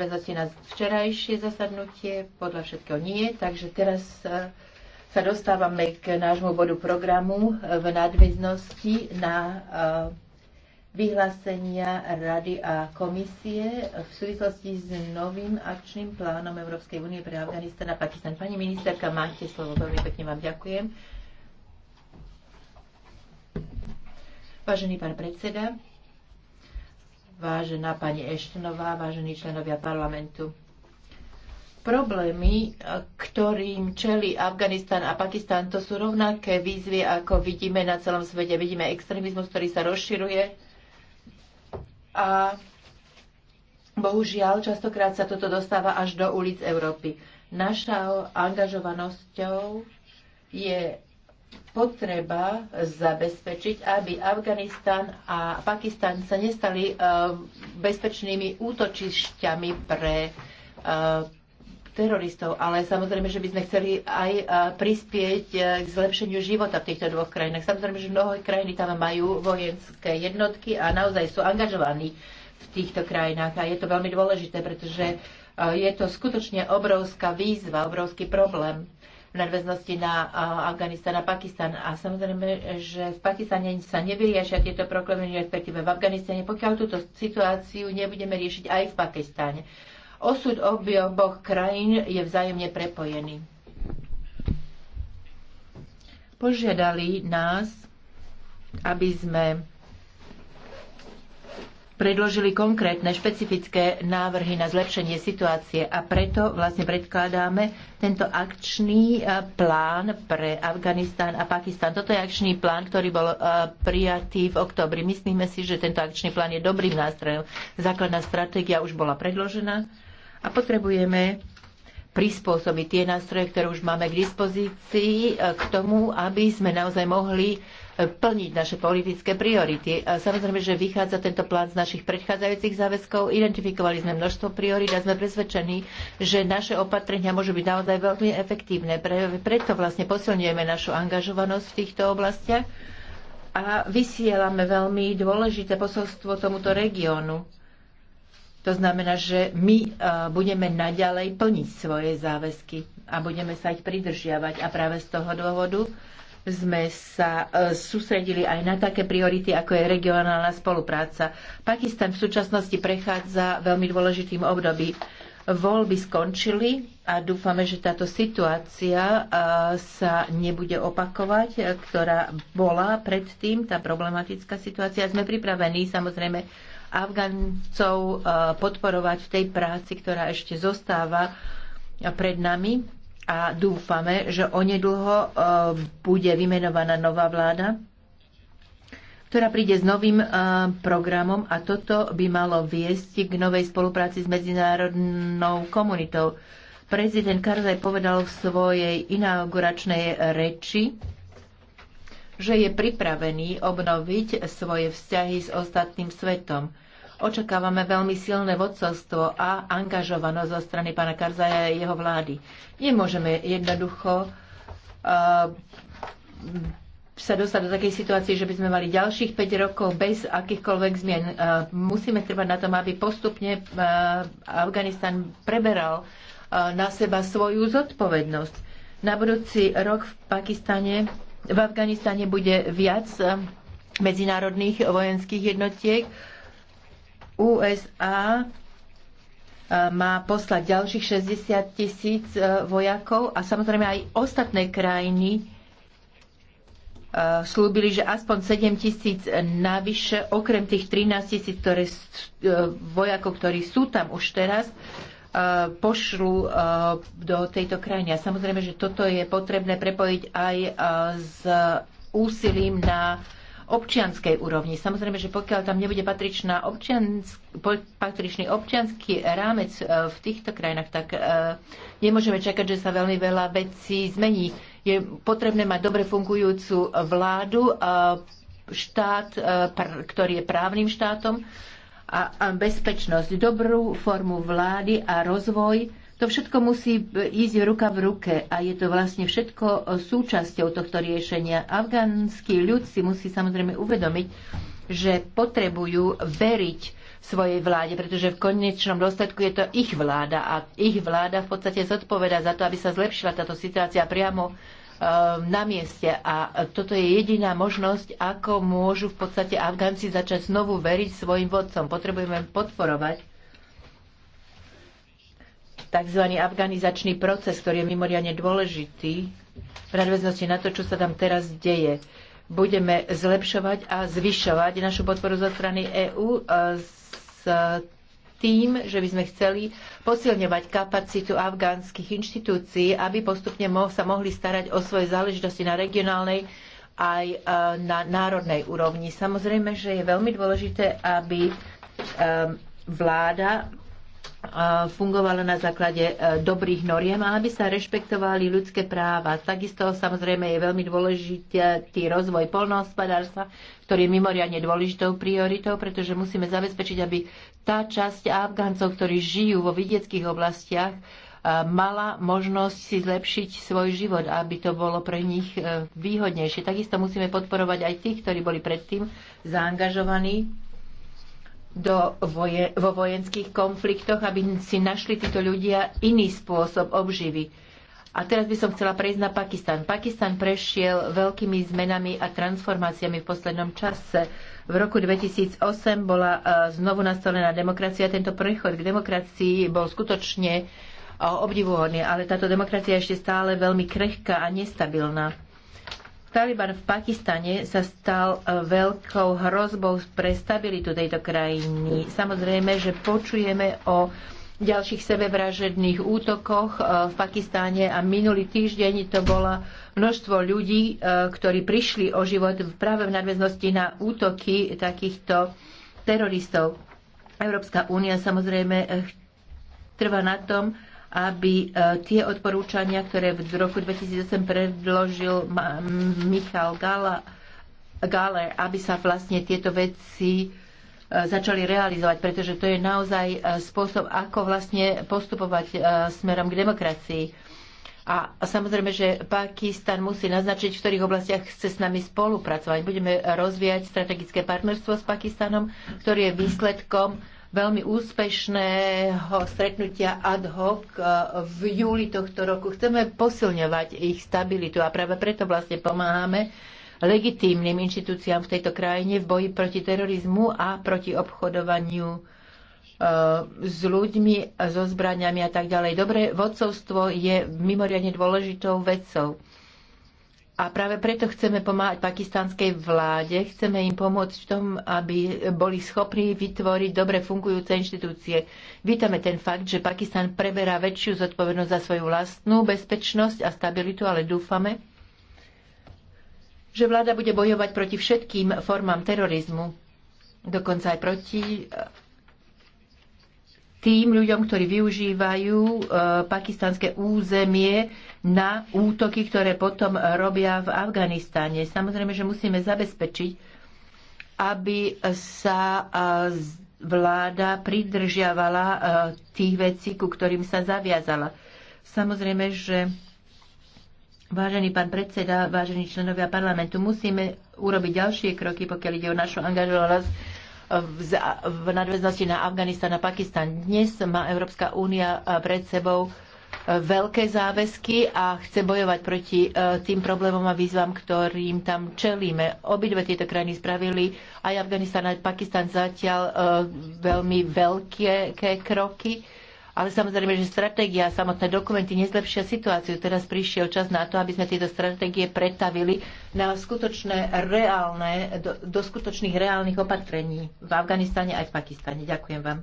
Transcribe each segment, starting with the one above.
Väzate na včerajšie zasadnutie? Podľa všetkého nie. Takže teraz e, sa dostávame k nášmu bodu programu e, v nadväznosti na e, vyhlásenia Rady a komisie v súvislosti s novým akčným plánom Európskej únie pre Afganistan a Pakistan. Pani ministerka, máte slovo. Veľmi pekne vám ďakujem. Vážený pán predseda, vážená pani Eštenová, vážení členovia parlamentu. Problémy, ktorým čeli Afganistan a Pakistan, to sú rovnaké výzvy, ako vidíme na celom svete. Vidíme extrémizmus, ktorý sa rozširuje a bohužiaľ častokrát sa toto dostáva až do ulic Európy. Našou angažovanosťou je potreba zabezpečiť, aby Afganistan a Pakistan sa nestali eh, bezpečnými útočišťami pre eh, teroristov, ale samozrejme, že by sme chceli aj eh, prispieť k zlepšeniu života v týchto dvoch krajinách. Samozrejme, že mnohé krajiny tam majú vojenské jednotky a naozaj sú angažovaní v týchto krajinách a je to veľmi dôležité, pretože je to skutočne obrovská výzva, obrovský problém v nadväznosti na Afganistan a Pakistan. A samozrejme, že v Pakistane sa nevyriešia tieto problémy, respektíve v Afganistane, pokiaľ túto situáciu nebudeme riešiť aj v Pakistane. Osud oboch krajín je vzájomne prepojený. Požiadali nás, aby sme predložili konkrétne, špecifické návrhy na zlepšenie situácie a preto vlastne predkladáme tento akčný e, plán pre Afganistán a Pakistan. Toto je akčný plán, ktorý bol e, prijatý v oktobri. Myslíme si, že tento akčný plán je dobrým nástrojom. Základná stratégia už bola predložená a potrebujeme prispôsobiť tie nástroje, ktoré už máme k dispozícii, e, k tomu, aby sme naozaj mohli plniť naše politické priority. A samozrejme, že vychádza tento plán z našich predchádzajúcich záväzkov. Identifikovali sme množstvo priorít a sme presvedčení, že naše opatrenia môžu byť naozaj veľmi efektívne. Pre, preto vlastne posilňujeme našu angažovanosť v týchto oblastiach a vysielame veľmi dôležité posolstvo tomuto regiónu. To znamená, že my e, budeme naďalej plniť svoje záväzky a budeme sa ich pridržiavať. A práve z toho dôvodu sme sa e, sústredili aj na také priority, ako je regionálna spolupráca. Pakistan v súčasnosti prechádza veľmi dôležitým období. Voľby skončili a dúfame, že táto situácia e, sa nebude opakovať, e, ktorá bola predtým, tá problematická situácia. Sme pripravení samozrejme Afgancov podporovať v tej práci, ktorá ešte zostáva pred nami a dúfame, že onedlho e, bude vymenovaná nová vláda, ktorá príde s novým e, programom a toto by malo viesť k novej spolupráci s medzinárodnou komunitou. Prezident Karzaj povedal v svojej inauguračnej reči, že je pripravený obnoviť svoje vzťahy s ostatným svetom. Očakávame veľmi silné vodcovstvo a angažovanosť zo strany pána Karzaja a jeho vlády. Nemôžeme jednoducho uh, sa dostať do takej situácie, že by sme mali ďalších 5 rokov bez akýchkoľvek zmien. Eh, musíme trvať na tom, aby postupne eh, Afganistan preberal na seba svoju zodpovednosť. Na budúci rok v Pakistane, v Afganistane bude viac medzinárodných vojenských jednotiek USA e, má poslať ďalších 60 tisíc e, vojakov a samozrejme aj ostatné krajiny e, slúbili, že aspoň 7 tisíc navyše, okrem tých 13 tisíc vojakov, ktorí sú tam už teraz, pošlu do tejto krajiny. A samozrejme, že toto je potrebné prepojiť aj s úsilím na občianskej úrovni. Samozrejme, že pokiaľ tam nebude patričná občiansk, patričný občianský rámec e, v týchto krajinách, tak e, nemôžeme čakať, že sa veľmi veľa vecí zmení. Je potrebné mať dobre fungujúcu vládu, e, štát, ktorý je právnym štátom a bezpečnosť, dobrú formu vlády a rozvoj to všetko musí ísť ruka v ruke a je to vlastne všetko súčasťou tohto riešenia. Afgánsky ľud si musí samozrejme uvedomiť, že potrebujú veriť svojej vláde, pretože v konečnom dôsledku je to ich vláda a ich vláda v podstate zodpoveda za to, aby sa zlepšila táto situácia priamo e, na mieste a toto je jediná možnosť, ako môžu v podstate Afgánci začať znovu veriť svojim vodcom. Potrebujeme podporovať tzv. afganizačný proces, ktorý je mimoriadne dôležitý v nadväznosti na to, čo sa tam teraz deje. Budeme zlepšovať a zvyšovať našu podporu zo strany EÚ e, s tým, že by sme chceli posilňovať kapacitu afgánskych inštitúcií, aby postupne sa mohli starať o svoje záležitosti na regionálnej aj e, na národnej úrovni. Samozrejme, že je veľmi dôležité, aby e, vláda fungovalo na základe e, dobrých noriem a aby sa rešpektovali ľudské práva. Takisto samozrejme je veľmi dôležitý rozvoj polnohospodárstva, ktorý je mimoriadne dôležitou prioritou, pretože musíme zabezpečiť, aby tá časť Afgáncov, ktorí žijú vo vidieckých oblastiach, e, mala možnosť si zlepšiť svoj život, aby to bolo pre nich e, výhodnejšie. Takisto musíme podporovať aj tých, ktorí boli predtým zaangažovaní do voje, vo vojenských konfliktoch, aby si našli títo ľudia iný spôsob obživy. A teraz by som chcela prejsť na Pakistan. Pakistan prešiel veľkými zmenami a transformáciami v poslednom čase. V roku 2008 bola e, znovu nastolená demokracia. Tento prechod k demokracii bol skutočne e, obdivuhodný, ale táto demokracia je ešte stále veľmi krehká a nestabilná Taliban v Pakistane sa stal e, veľkou hrozbou pre stabilitu tejto krajiny. Samozrejme, že počujeme o ďalších sebevražedných útokoch e, v Pakistáne a minulý týždeň to bola množstvo ľudí, e, ktorí prišli o život práve v nadväznosti na útoky takýchto teroristov. Európska únia samozrejme trvá na tom, aby e, tie odporúčania, ktoré v roku 2008 predložil Michal Gala, aby sa vlastne tieto veci e, začali realizovať, pretože to je naozaj e, spôsob, ako vlastne postupovať smerom k demokracii. A samozrejme, že Pakistan musí naznačiť, v ktorých oblastiach chce s nami spolupracovať. Budeme rozvíjať strategické partnerstvo s Pakistanom, ktoré je výsledkom veľmi úspešného stretnutia ad hoc e, v júli tohto roku. Chceme posilňovať ich stabilitu a práve preto vlastne pomáhame legitímnym inštitúciám v tejto krajine v boji proti terorizmu a proti obchodovaniu e, s ľuďmi, so zbraniami a tak ďalej. Dobré vodcovstvo je mimoriadne dôležitou vecou. A práve preto chceme pomáhať pakistanskej vláde, chceme im pomôcť v tom, aby boli schopní vytvoriť dobre fungujúce inštitúcie. Vítame ten fakt, že Pakistan preberá väčšiu zodpovednosť za svoju vlastnú bezpečnosť a stabilitu, ale dúfame, že vláda bude bojovať proti všetkým formám terorizmu, dokonca aj proti eh, tým ľuďom, ktorí využívajú eh, pakistanské územie na útoky, ktoré potom robia v Afganistáne. Samozrejme, že musíme zabezpečiť, aby sa vláda pridržiavala tých vecí, ku ktorým sa zaviazala. Samozrejme, že Vážený pán predseda, vážení členovia parlamentu, musíme urobiť ďalšie kroky, pokiaľ ide o našu angažovanosť v nadväznosti na Afganistan a Pakistan. Dnes má Európska únia pred sebou veľké záväzky a chce bojovať proti e, tým problémom a výzvam, ktorým tam čelíme. Obidve tieto krajiny spravili aj Afganistan, aj Pakistan zatiaľ e, veľmi veľké kroky. Ale samozrejme, že stratégia a samotné dokumenty nezlepšia situáciu. Teraz prišiel čas na to, aby sme tieto stratégie pretavili na skutočné, reálne, do, do skutočných reálnych opatrení v Afganistane aj v Pakistane. Ďakujem vám.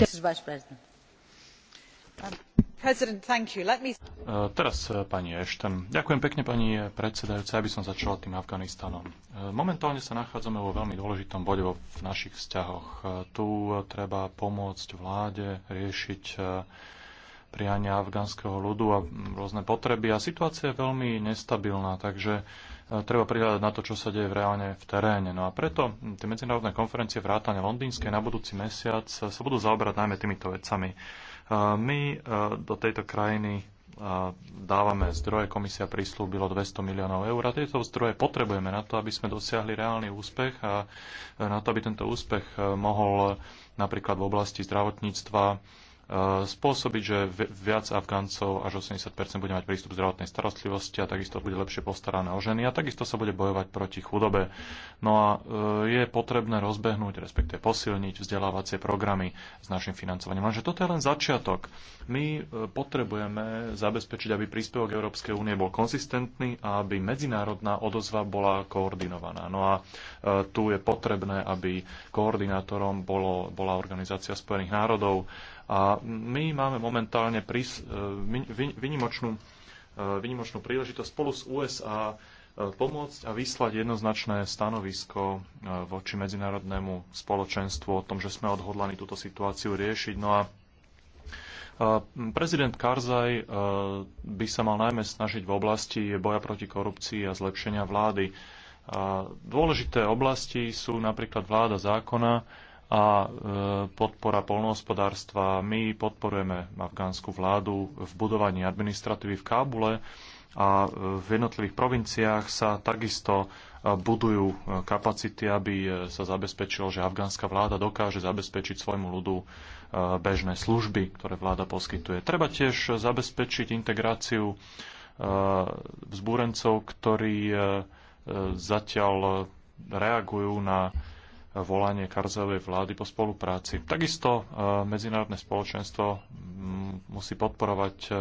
Um, e, teraz e, pani Ďakujem pekne, pani predsedajúca, aby som začala tým Afganistanom. E, momentálne sa nachádzame vo veľmi dôležitom bode v našich vzťahoch. Tu treba pomôcť vláde riešiť priania afgánskeho ľudu a rôzne potreby. A situácia je veľmi nestabilná, takže treba prihľadať na to, čo sa deje v reálne v teréne. No a preto tie medzinárodné konferencie vrátane londýnskej na budúci mesiac sa budú zaoberať najmä týmito vecami. My e, do tejto krajiny e, dávame zdroje, komisia prislúbilo 200 miliónov eur a tieto zdroje potrebujeme na to, aby sme dosiahli reálny úspech a na to, aby tento úspech e, mohol napríklad v oblasti zdravotníctva Eh, spôsobiť, že viac Afgáncov až 80 bude mať prístup zdravotnej starostlivosti a takisto bude lepšie postarané o ženy a takisto sa bude bojovať proti chudobe. No a eh, je potrebné rozbehnúť, respektíve posilniť vzdelávacie programy s našim financovaním. Lenže toto je len začiatok. My eh, potrebujeme zabezpečiť, aby príspevok Európskej únie bol konzistentný a aby medzinárodná odozva bola koordinovaná. No a tu je potrebné, aby koordinátorom bolo, bola Organizácia spojených národov, a my máme momentálne prís, e, vynimočnú, e, vynimočnú príležitosť spolu s USA e, pomôcť a vyslať jednoznačné stanovisko voči medzinárodnému spoločenstvu o tom, že sme odhodlani túto situáciu riešiť. No a Prezident Karzaj by sa mal najmä snažiť v oblasti boja proti korupcii a zlepšenia vlády. Dôležité oblasti sú napríklad vláda zákona, a e, podpora polnohospodárstva. My podporujeme afgánsku vládu v budovaní administratívy v Kábule a e, v jednotlivých provinciách sa takisto e, budujú kapacity, aby sa zabezpečilo, že afgánska vláda dokáže zabezpečiť svojmu ľudu bežné služby, ktoré vláda poskytuje. Treba tiež zabezpečiť integráciu vzbúrencov, ktorí zatiaľ reagujú na volanie Karzovej vlády po spolupráci. Takisto e, medzinárodné spoločenstvo musí podporovať e,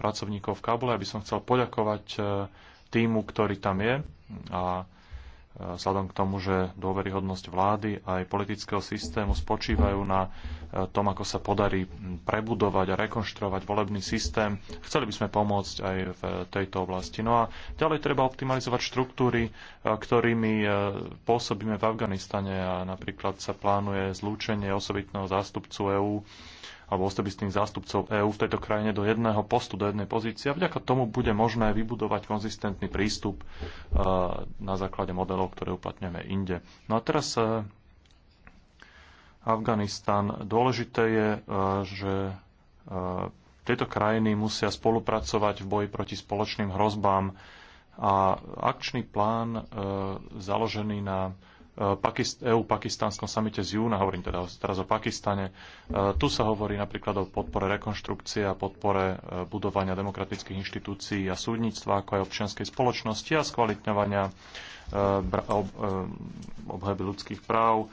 pracovníkov v Kabule. aby som chcel poďakovať e, týmu, ktorý tam je a vzhľadom k tomu, že dôveryhodnosť vlády aj politického systému spočívajú na e, tom, ako sa podarí prebudovať a rekonštruovať volebný systém. Chceli by sme pomôcť aj v tejto oblasti. No a ďalej treba optimalizovať štruktúry, e, ktorými e, pôsobíme v Afganistane a napríklad sa plánuje zlúčenie osobitného zástupcu EÚ alebo osobistných zástupcov EÚ v tejto krajine do jedného postu, do jednej pozície. A vďaka tomu bude možné vybudovať konzistentný prístup e, na základe modelov, ktoré uplatňujeme inde. No a teraz e, Afganistan. Dôležité je, e, že tieto krajiny musia spolupracovať v boji proti spoločným hrozbám a akčný plán založený na EU-Pakistánskom eh, e samite z júna, hovorím teda teraz o Pakistane. Eh, tu sa hovorí napríklad o podpore rekonštrukcie a podpore eh, budovania demokratických inštitúcií a súdnictva, ako aj občianskej spoločnosti a skvalitňovania obhajby ľudských práv.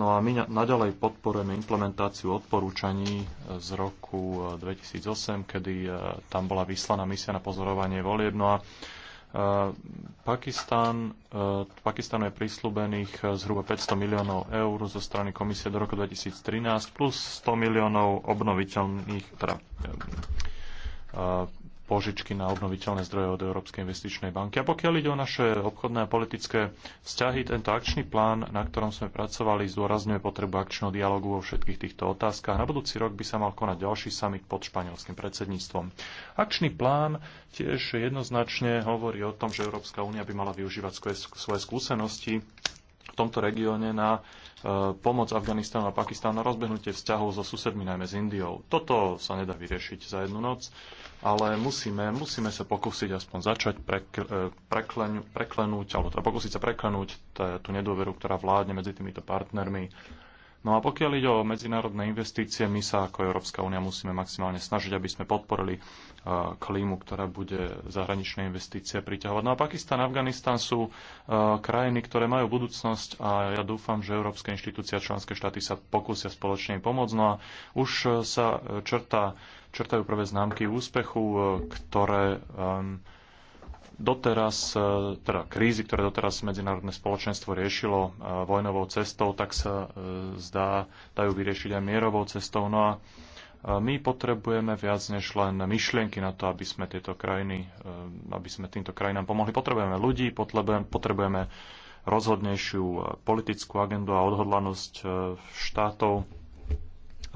No a my naďalej podporujeme implementáciu odporúčaní z roku 2008, kedy tam bola vyslaná misia na pozorovanie volieb. No a Eh, Pakistan, eh, Pakistanu je prislúbených eh, zhruba 500 miliónov eur zo strany komisie do roku 2013 plus 100 miliónov obnoviteľných, teda požičky na obnoviteľné zdroje od Európskej investičnej banky. A pokiaľ ide o naše obchodné a politické vzťahy, tento akčný plán, na ktorom sme pracovali, zdôrazňuje potrebu akčného dialogu vo všetkých týchto otázkach. Na budúci rok by sa mal konať ďalší summit pod španielským predsedníctvom. Akčný plán tiež jednoznačne hovorí o tom, že Európska únia by mala využívať svoje skúsenosti v tomto regióne na e, pomoc Afganistánu a Pakistánu na rozbehnutie vzťahov so susedmi, najmä s Indiou. Toto sa nedá vyriešiť za jednu noc ale musíme, musíme sa pokúsiť aspoň začať prekl- e, preklen- preklenúť, alebo teda pokúsiť sa preklenúť tú nedôveru, ktorá vládne medzi týmito partnermi. No a pokiaľ ide o medzinárodné investície, my sa ako Európska únia musíme maximálne snažiť, aby sme podporili e, klímu, ktorá bude zahraničné investície priťahovať. No a Pakistan a Afganistan sú e, krajiny, ktoré majú budúcnosť a ja dúfam, že Európske inštitúcie a členské štáty sa pokúsia spoločne im pomôcť. No a už sa črta črtajú prvé známky úspechu, e, ktoré doteraz, e, teda krízy, ktoré doteraz medzinárodné spoločenstvo riešilo e, vojnovou cestou, tak sa zdá, dajú vyriešiť aj mierovou cestou. No a my potrebujeme viac než len myšlienky na to, aby sme tieto krajiny, aby sme týmto krajinám pomohli. Potrebujeme ľudí, potrebujeme rozhodnejšiu politickú agendu a odhodlanosť štátov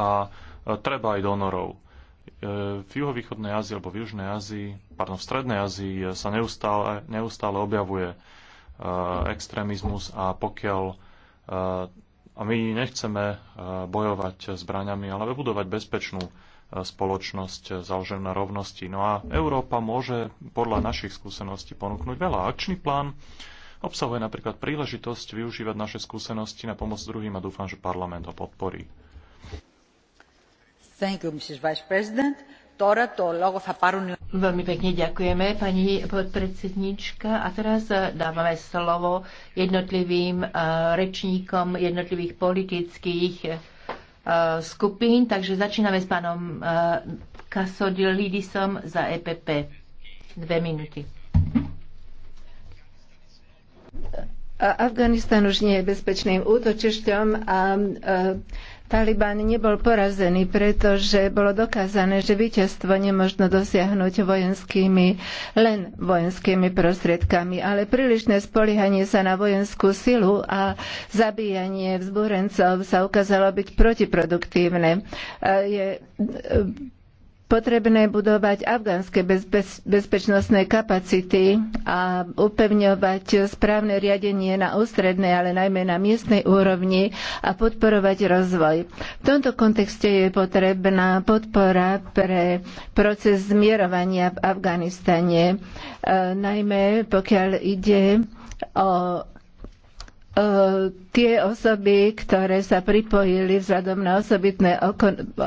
a treba aj donorov. E, v juhovýchodnej Ázii alebo v južnej Ázii, pardon, v strednej Ázii sa neustále, neustále objavuje e, extrémizmus a pokiaľ e, a my nechceme bojovať zbraňami, ale budovať bezpečnú spoločnosť založenú na rovnosti. No a Európa môže podľa našich skúseností ponúknuť veľa. Akčný plán obsahuje napríklad príležitosť využívať naše skúsenosti na pomoc druhým a dúfam, že parlament ho podporí. Veľmi pekne ďakujeme, pani podpredsednička. A teraz eh, dávame slovo jednotlivým eh, rečníkom jednotlivých politických eh, skupín. Takže začíname s pánom Kasodilidisom za EPP. Dve minúty. Afganistan už nie je bezpečným útočišťom a e, Taliban nebol porazený, pretože bolo dokázané, že víťazstvo nemožno dosiahnuť vojenskými, len vojenskými prostriedkami, ale prílišné spoliehanie sa na vojenskú silu a zabíjanie vzbúrencov sa ukázalo byť protiproduktívne. Je e, potrebné budovať afgánske bezpečnostné kapacity a upevňovať správne riadenie na ústrednej, ale najmä na miestnej úrovni a podporovať rozvoj. V tomto kontexte je potrebná podpora pre proces zmierovania v Afganistane, e, najmä pokiaľ ide o e, tie osoby, ktoré sa pripojili vzhľadom na osobitné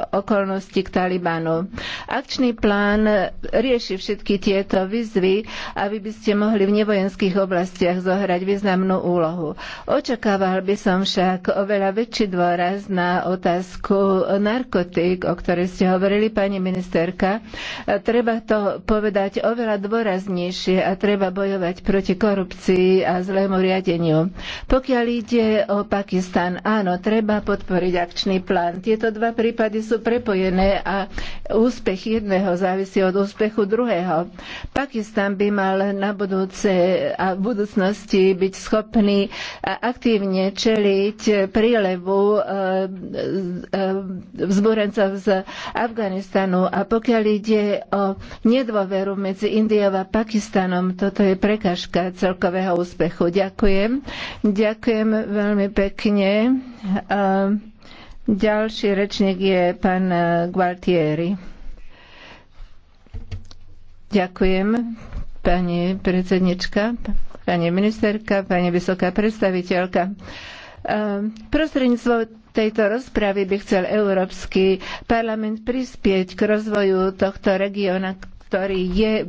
okolnosti k Talibanu. Akčný plán rieši všetky tieto výzvy, aby by ste mohli v nevojenských oblastiach zohrať významnú úlohu. Očakával by som však oveľa väčší dôraz na otázku narkotík, o ktorej ste hovorili, pani ministerka. Treba to povedať oveľa dôraznejšie a treba bojovať proti korupcii a zlému riadeniu. Pokiaľ ide o Pakistan. Áno, treba podporiť akčný plán. Tieto dva prípady sú prepojené a úspech jedného závisí od úspechu druhého. Pakistan by mal na budúce a v budúcnosti byť schopný aktívne čeliť prílevu e, e, vzbúrencov z Afganistanu. A pokiaľ ide o nedôveru medzi Indiou a Pakistanom, toto je prekažka celkového úspechu. Ďakujem. Ďakujem veľmi veľmi pekne. Ďalší rečník je pán Gualtieri. Ďakujem, pani predsednička, pani ministerka, pani vysoká predstaviteľka. Prostredníctvo tejto rozpravy by chcel Európsky parlament prispieť k rozvoju tohto regióna, ktorý je e,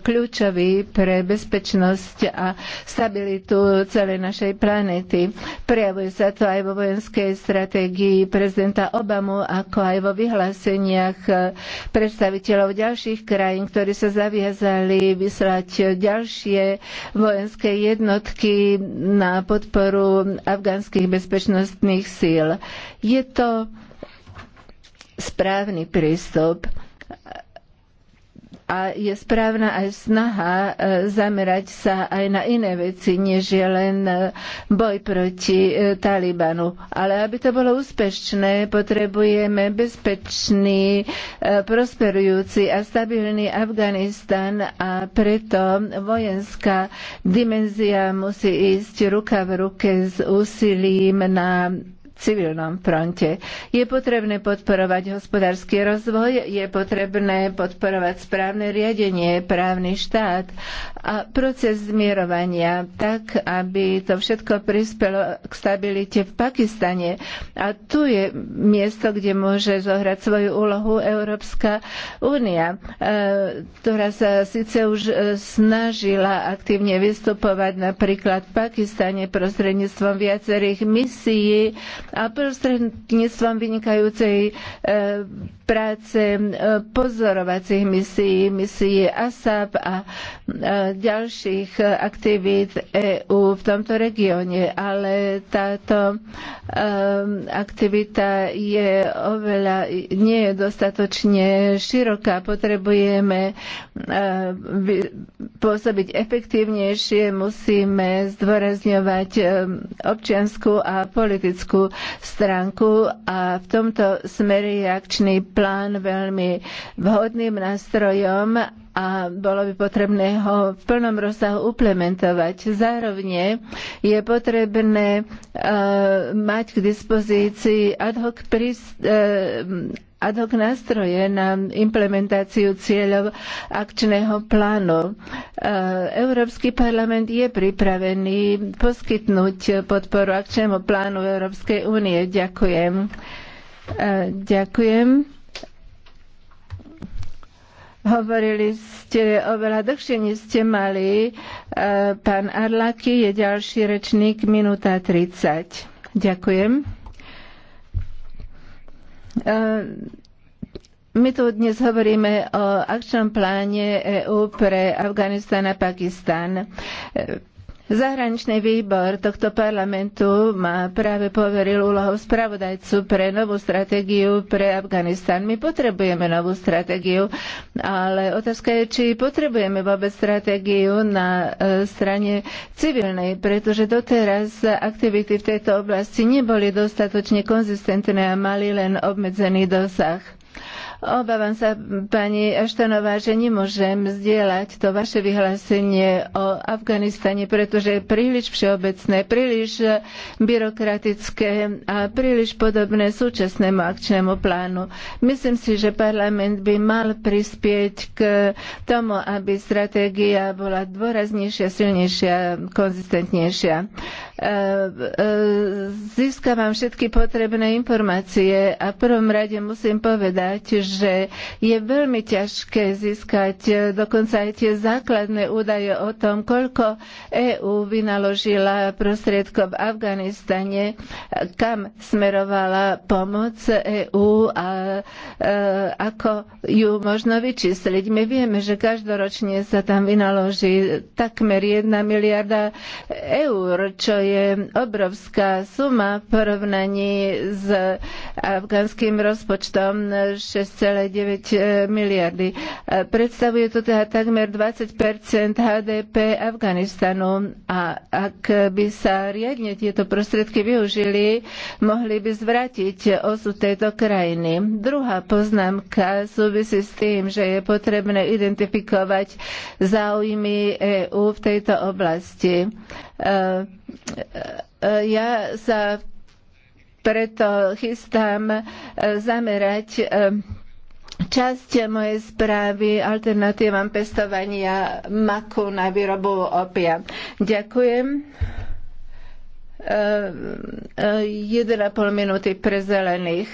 kľúčový pre bezpečnosť a stabilitu celej našej planéty. Prejavuje sa to aj vo vojenskej stratégii prezidenta Obamu, ako aj vo vyhláseniach e, predstaviteľov ďalších krajín, ktorí sa zaviazali vyslať ďalšie vojenské jednotky na podporu afgánskych bezpečnostných síl. Je to správny prístup a je správna aj snaha e, zamerať sa aj na iné veci, než je len e, boj proti e, Talibanu. Ale aby to bolo úspešné, potrebujeme bezpečný, prosperujúci a stabilný Afganistan a preto vojenská dimenzia musí ísť ruka v ruke s úsilím na civilnom fronte. Je potrebné podporovať hospodársky rozvoj, je potrebné podporovať správne riadenie, právny štát a proces zmierovania tak, aby to všetko prispelo k stabilite v Pakistane. A tu je miesto, kde môže zohrať svoju úlohu Európska únia, e, ktorá sa síce už e, snažila aktívne vystupovať napríklad v Pakistane prostredníctvom viacerých misií a prostredníctvom vynikajúcej e, práce e, pozorovacích misií, misií ASAP a e, ďalších aktivít EÚ v tomto regióne. Ale táto aktivita je oveľa, nie je dostatočne široká. Potrebujeme pôsobiť efektívnejšie, musíme zdôrazňovať občianskú a politickú stránku a v tomto smere je akčný plán veľmi vhodným nástrojom a bolo by potrebné ho v plnom rozsahu implementovať. Zároveň je potrebné uh, mať k dispozícii ad hoc prist, uh, eh, ad hoc nástroje na implementáciu cieľov akčného plánu. E, Európsky parlament je pripravený poskytnúť podporu akčnému plánu Európskej únie. Ďakujem. E, ďakujem. Hovorili ste oveľa dlhšie, než ste mali. E, pán Arlaky je ďalší rečník, minúta 30. Ďakujem. Ehm, my tu dnes hovoríme o akčnom pláne EÚ pre Afganistan a Pakistan. Ehm, Zahraničný výbor tohto parlamentu ma práve poveril úlohou spravodajcu pre novú stratégiu pre Afganistan. My potrebujeme novú stratégiu, ale otázka je, či potrebujeme vôbec stratégiu na e, strane civilnej, pretože doteraz aktivity v tejto oblasti neboli dostatočne konzistentné a mali len obmedzený dosah. Obávam sa, pani Aštanová, že nemôžem zdieľať to vaše vyhlásenie o Afganistane, pretože je príliš všeobecné, príliš byrokratické a príliš podobné súčasnému akčnému plánu. Myslím si, že parlament by mal prispieť k tomu, aby stratégia bola dôraznejšia, silnejšia, konzistentnejšia. E, e, získavam všetky potrebné informácie a v prvom rade musím povedať, že je veľmi ťažké získať e, dokonca aj tie základné údaje o tom, koľko EÚ vynaložila prostriedkov v Afganistane, kam smerovala pomoc EÚ a ako ju možno vyčísliť. My vieme, že každoročne sa tam vynaloží takmer 1 miliarda eur, čo je obrovská suma v porovnaní s afgánským rozpočtom 6,9 miliardy. Predstavuje to teda takmer 20 HDP Afganistanu a ak by sa riadne tieto prostriedky využili, mohli by zvrátiť osud tejto krajiny. Druhá poznámka súvisí s tým, že je potrebné identifikovať záujmy EÚ v tejto oblasti. Uh, ja sa preto chystám e, zamerať e, časť mojej správy alternatívam pestovania maku na výrobu opia. Ďakujem. 1,5 e, minúty pre zelených.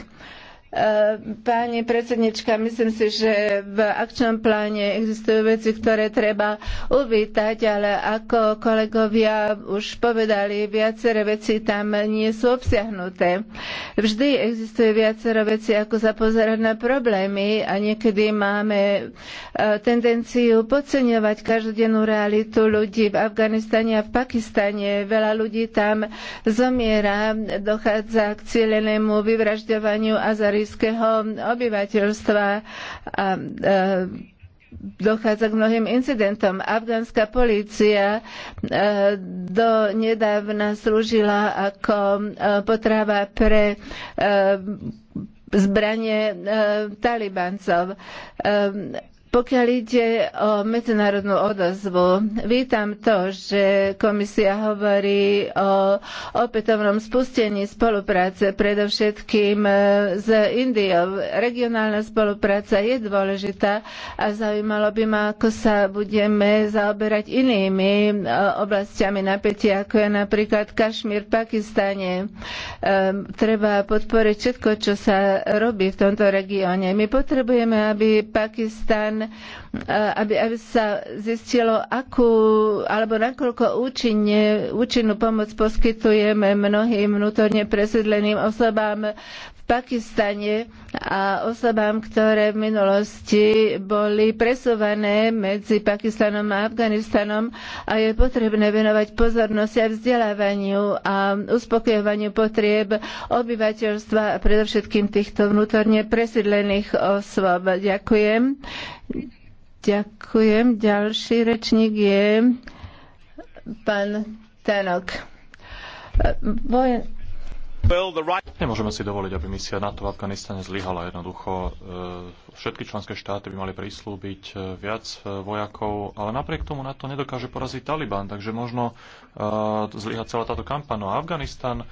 Eh, Pani predsednička, myslím si, že v akčnom pláne existujú veci, ktoré treba uvítať, ale ako kolegovia už povedali, viaceré veci tam nie sú obsiahnuté. Vždy existuje viacero veci, ako sa pozerať na problémy a niekedy máme eh, tendenciu podceňovať každodennú realitu ľudí v Afganistane a v Pakistane. Veľa ľudí tam zomiera, dochádza k cielenému vyvražďovaniu a zariadeniu somalijského obyvateľstva a dochádza k mnohým incidentom. Afgánska polícia do nedávna slúžila ako potrava pre zbranie talibancov pokiaľ ide o medzinárodnú odozvu, vítam to, že komisia hovorí o opätovnom spustení spolupráce predovšetkým e, s Indiou. Regionálna spolupráca je dôležitá a zaujímalo by ma, ako sa budeme zaoberať inými e, oblastiami napätia, ako je napríklad Kašmír v Pakistane. E, treba podporiť všetko, čo sa robí v tomto regióne. My potrebujeme, aby Pakistan Eh, aby, aby sa zistilo, akú alebo nakoľko účinne, účinnú pomoc poskytujeme mnohým vnútorne presedleným osobám Pakistane a osobám, ktoré v minulosti boli presované medzi Pakistanom a Afganistanom a je potrebné venovať pozornosť aj vzdelávaniu a uspokojovaniu potrieb obyvateľstva a predovšetkým týchto vnútorne presídlených osôb. Ďakujem. Ďakujem. Ďalší rečník je pán Tanok. Vojen Nemôžeme si dovoliť, aby misia NATO v Afganistane zlyhala jednoducho. E, všetky členské štáty by mali prislúbiť e, viac e, vojakov, ale napriek tomu NATO nedokáže poraziť Taliban, takže možno zlyha celá táto kampaň. No a Afganistan,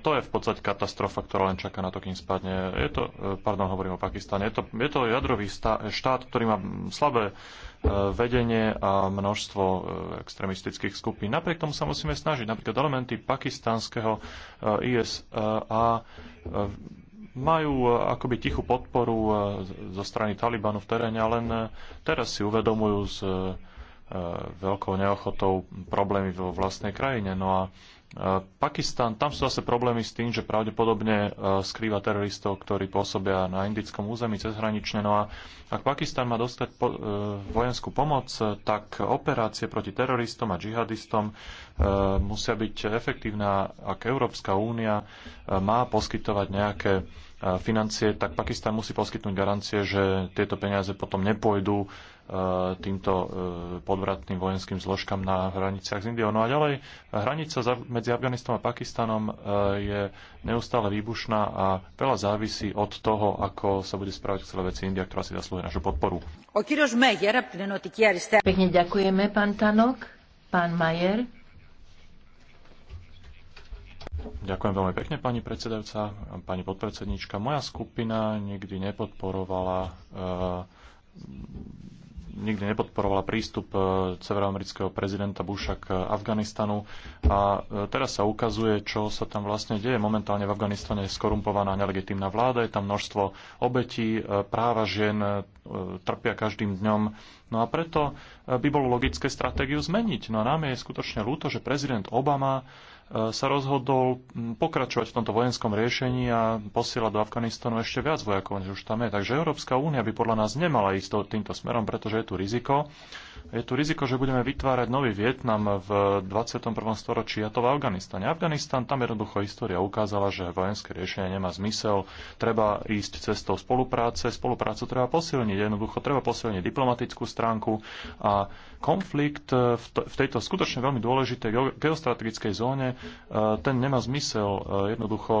to je v podstate katastrofa, ktorá len čaká na to, kým spadne. Je to, pardon, hovorím o Pakistane, je to, je to jadrový štát, ktorý má slabé E, vedenie a množstvo e, extremistických skupín. Napriek tomu sa musíme snažiť. Napríklad elementy pakistanského e, ISA majú akoby tichú podporu zo strany Talibanu v teréne, len teraz si uvedomujú s veľkou neochotou problémy vo vlastnej krajine. No a E, Pakistan, tam sú zase problémy s tým, že pravdepodobne e, skrýva teroristov, ktorí pôsobia na indickom území cezhranične. No a ak Pakistan má dostať e, vojenskú pomoc, tak operácie proti teroristom a džihadistom musia byť efektívne. Ak Európska únia má poskytovať nejaké financie, tak Pakistan musí poskytnúť garancie, že tieto peniaze potom nepôjdu E, týmto e, podvratným vojenským zložkám na hraniciach s Indiou. No a ďalej, hranica medzi Afganistanom a Pakistanom e, je neustále výbušná a veľa závisí od toho, ako sa bude správať celé veci India, ktorá si zaslúhuje našu podporu. Pekne ďakujeme, pán Tanok. Pán Majer. Ďakujem veľmi pekne, pani predsedajúca, pani podpredsednička. Moja skupina nikdy nepodporovala uh, nikdy nepodporovala prístup e, severoamerického prezidenta Busha k e, Afganistanu. A e, teraz sa ukazuje, čo sa tam vlastne deje. Momentálne v Afganistane je skorumpovaná nelegitímna vláda, je tam množstvo obetí, práva žien trpia každým dňom. No a preto by bolo logické stratégiu zmeniť. No a nám je skutočne ľúto, že prezident Obama sa rozhodol mm, pokračovať v tomto vojenskom riešení a posielať do Afganistanu ešte viac vojakov, než už tam je. Takže Európska únia by podľa nás nemala ísť týmto smerom, pretože je tu riziko. Je tu riziko, že budeme vytvárať nový Vietnam v 21. storočí a to v Afganistane. Afganistan, tam jednoducho história ukázala, že vojenské riešenie nemá zmysel. Treba ísť cestou spolupráce. Spoluprácu treba posilniť. Jednoducho treba posilniť diplomatickú stránku a konflikt eh, v tejto skutočne veľmi dôležitej geostrategickej zóne, eh, ten nemá zmysel. Eh, jednoducho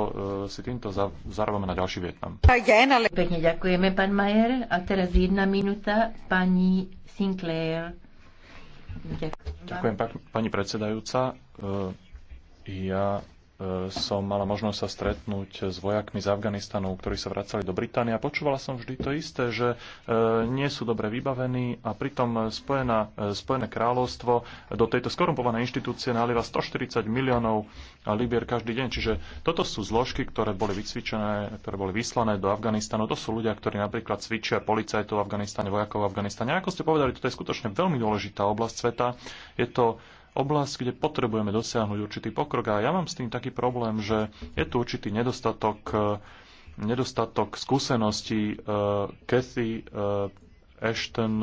si týmto zarobame na ďalší Vietnam. Pekne ďakujeme, pán Majer. A teraz jedna minúta, pani Sinclair. Ďakujem, Ďakujem pani predsedajúca. Ja som mala možnosť sa stretnúť s vojakmi z Afganistanu, ktorí sa vracali do Británie a počúvala som vždy to isté, že e, nie sú dobre vybavení a pritom Spojená, e, Spojené kráľovstvo do tejto skorumpovanej inštitúcie nalieva 140 miliónov libier každý deň. Čiže toto sú zložky, ktoré boli vycvičené, ktoré boli vyslané do Afganistanu. To sú ľudia, ktorí napríklad cvičia policajtov v Afganistane, vojakov v Afganistane. A ako ste povedali, toto je skutočne veľmi dôležitá oblasť sveta. Je to oblasť, kde potrebujeme dosiahnuť určitý pokrok. A ja mám s tým taký problém, že je tu určitý nedostatok, e, nedostatok skúseností. Kathy e, e, Ashton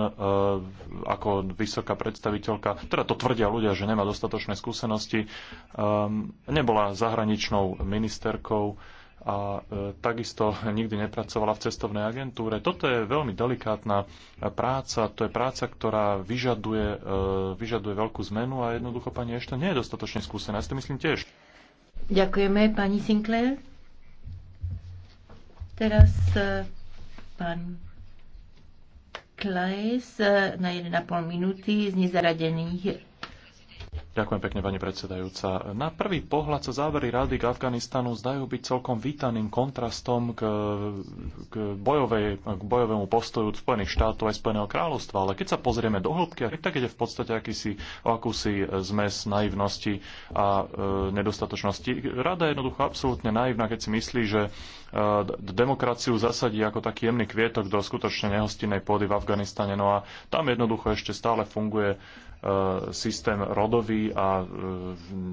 ako vysoká predstaviteľka, teda to tvrdia ľudia, že nemá dostatočné skúsenosti, ehm, nebola zahraničnou ministerkou a e, takisto nikdy nepracovala v cestovnej agentúre. Toto je veľmi delikátna práca, to je práca, ktorá vyžaduje, e, vyžaduje veľkú zmenu a jednoducho pani ešte nie je dostatočne skúsená. Ja si to myslím tiež. Ďakujeme, pani Sinclair. Teraz e, pán Klaes na 1,5 minúty z nezaradených Ďakujem pekne, pani predsedajúca. Na prvý pohľad sa závery rady k Afganistanu zdajú byť celkom vítaným kontrastom k, k, bojovej, k bojovému postoju Spojených štátov aj Spojeného kráľovstva. Ale keď sa pozrieme do hĺbky, tak ide v podstate akýsi, o akúsi zmes naivnosti a e, nedostatočnosti. Rada je jednoducho absolútne naivná, keď si myslí, že e, demokraciu zasadí ako taký jemný kvietok do skutočne nehostinnej pôdy v Afganistane. No a tam jednoducho ešte stále funguje e, systém rodový a e,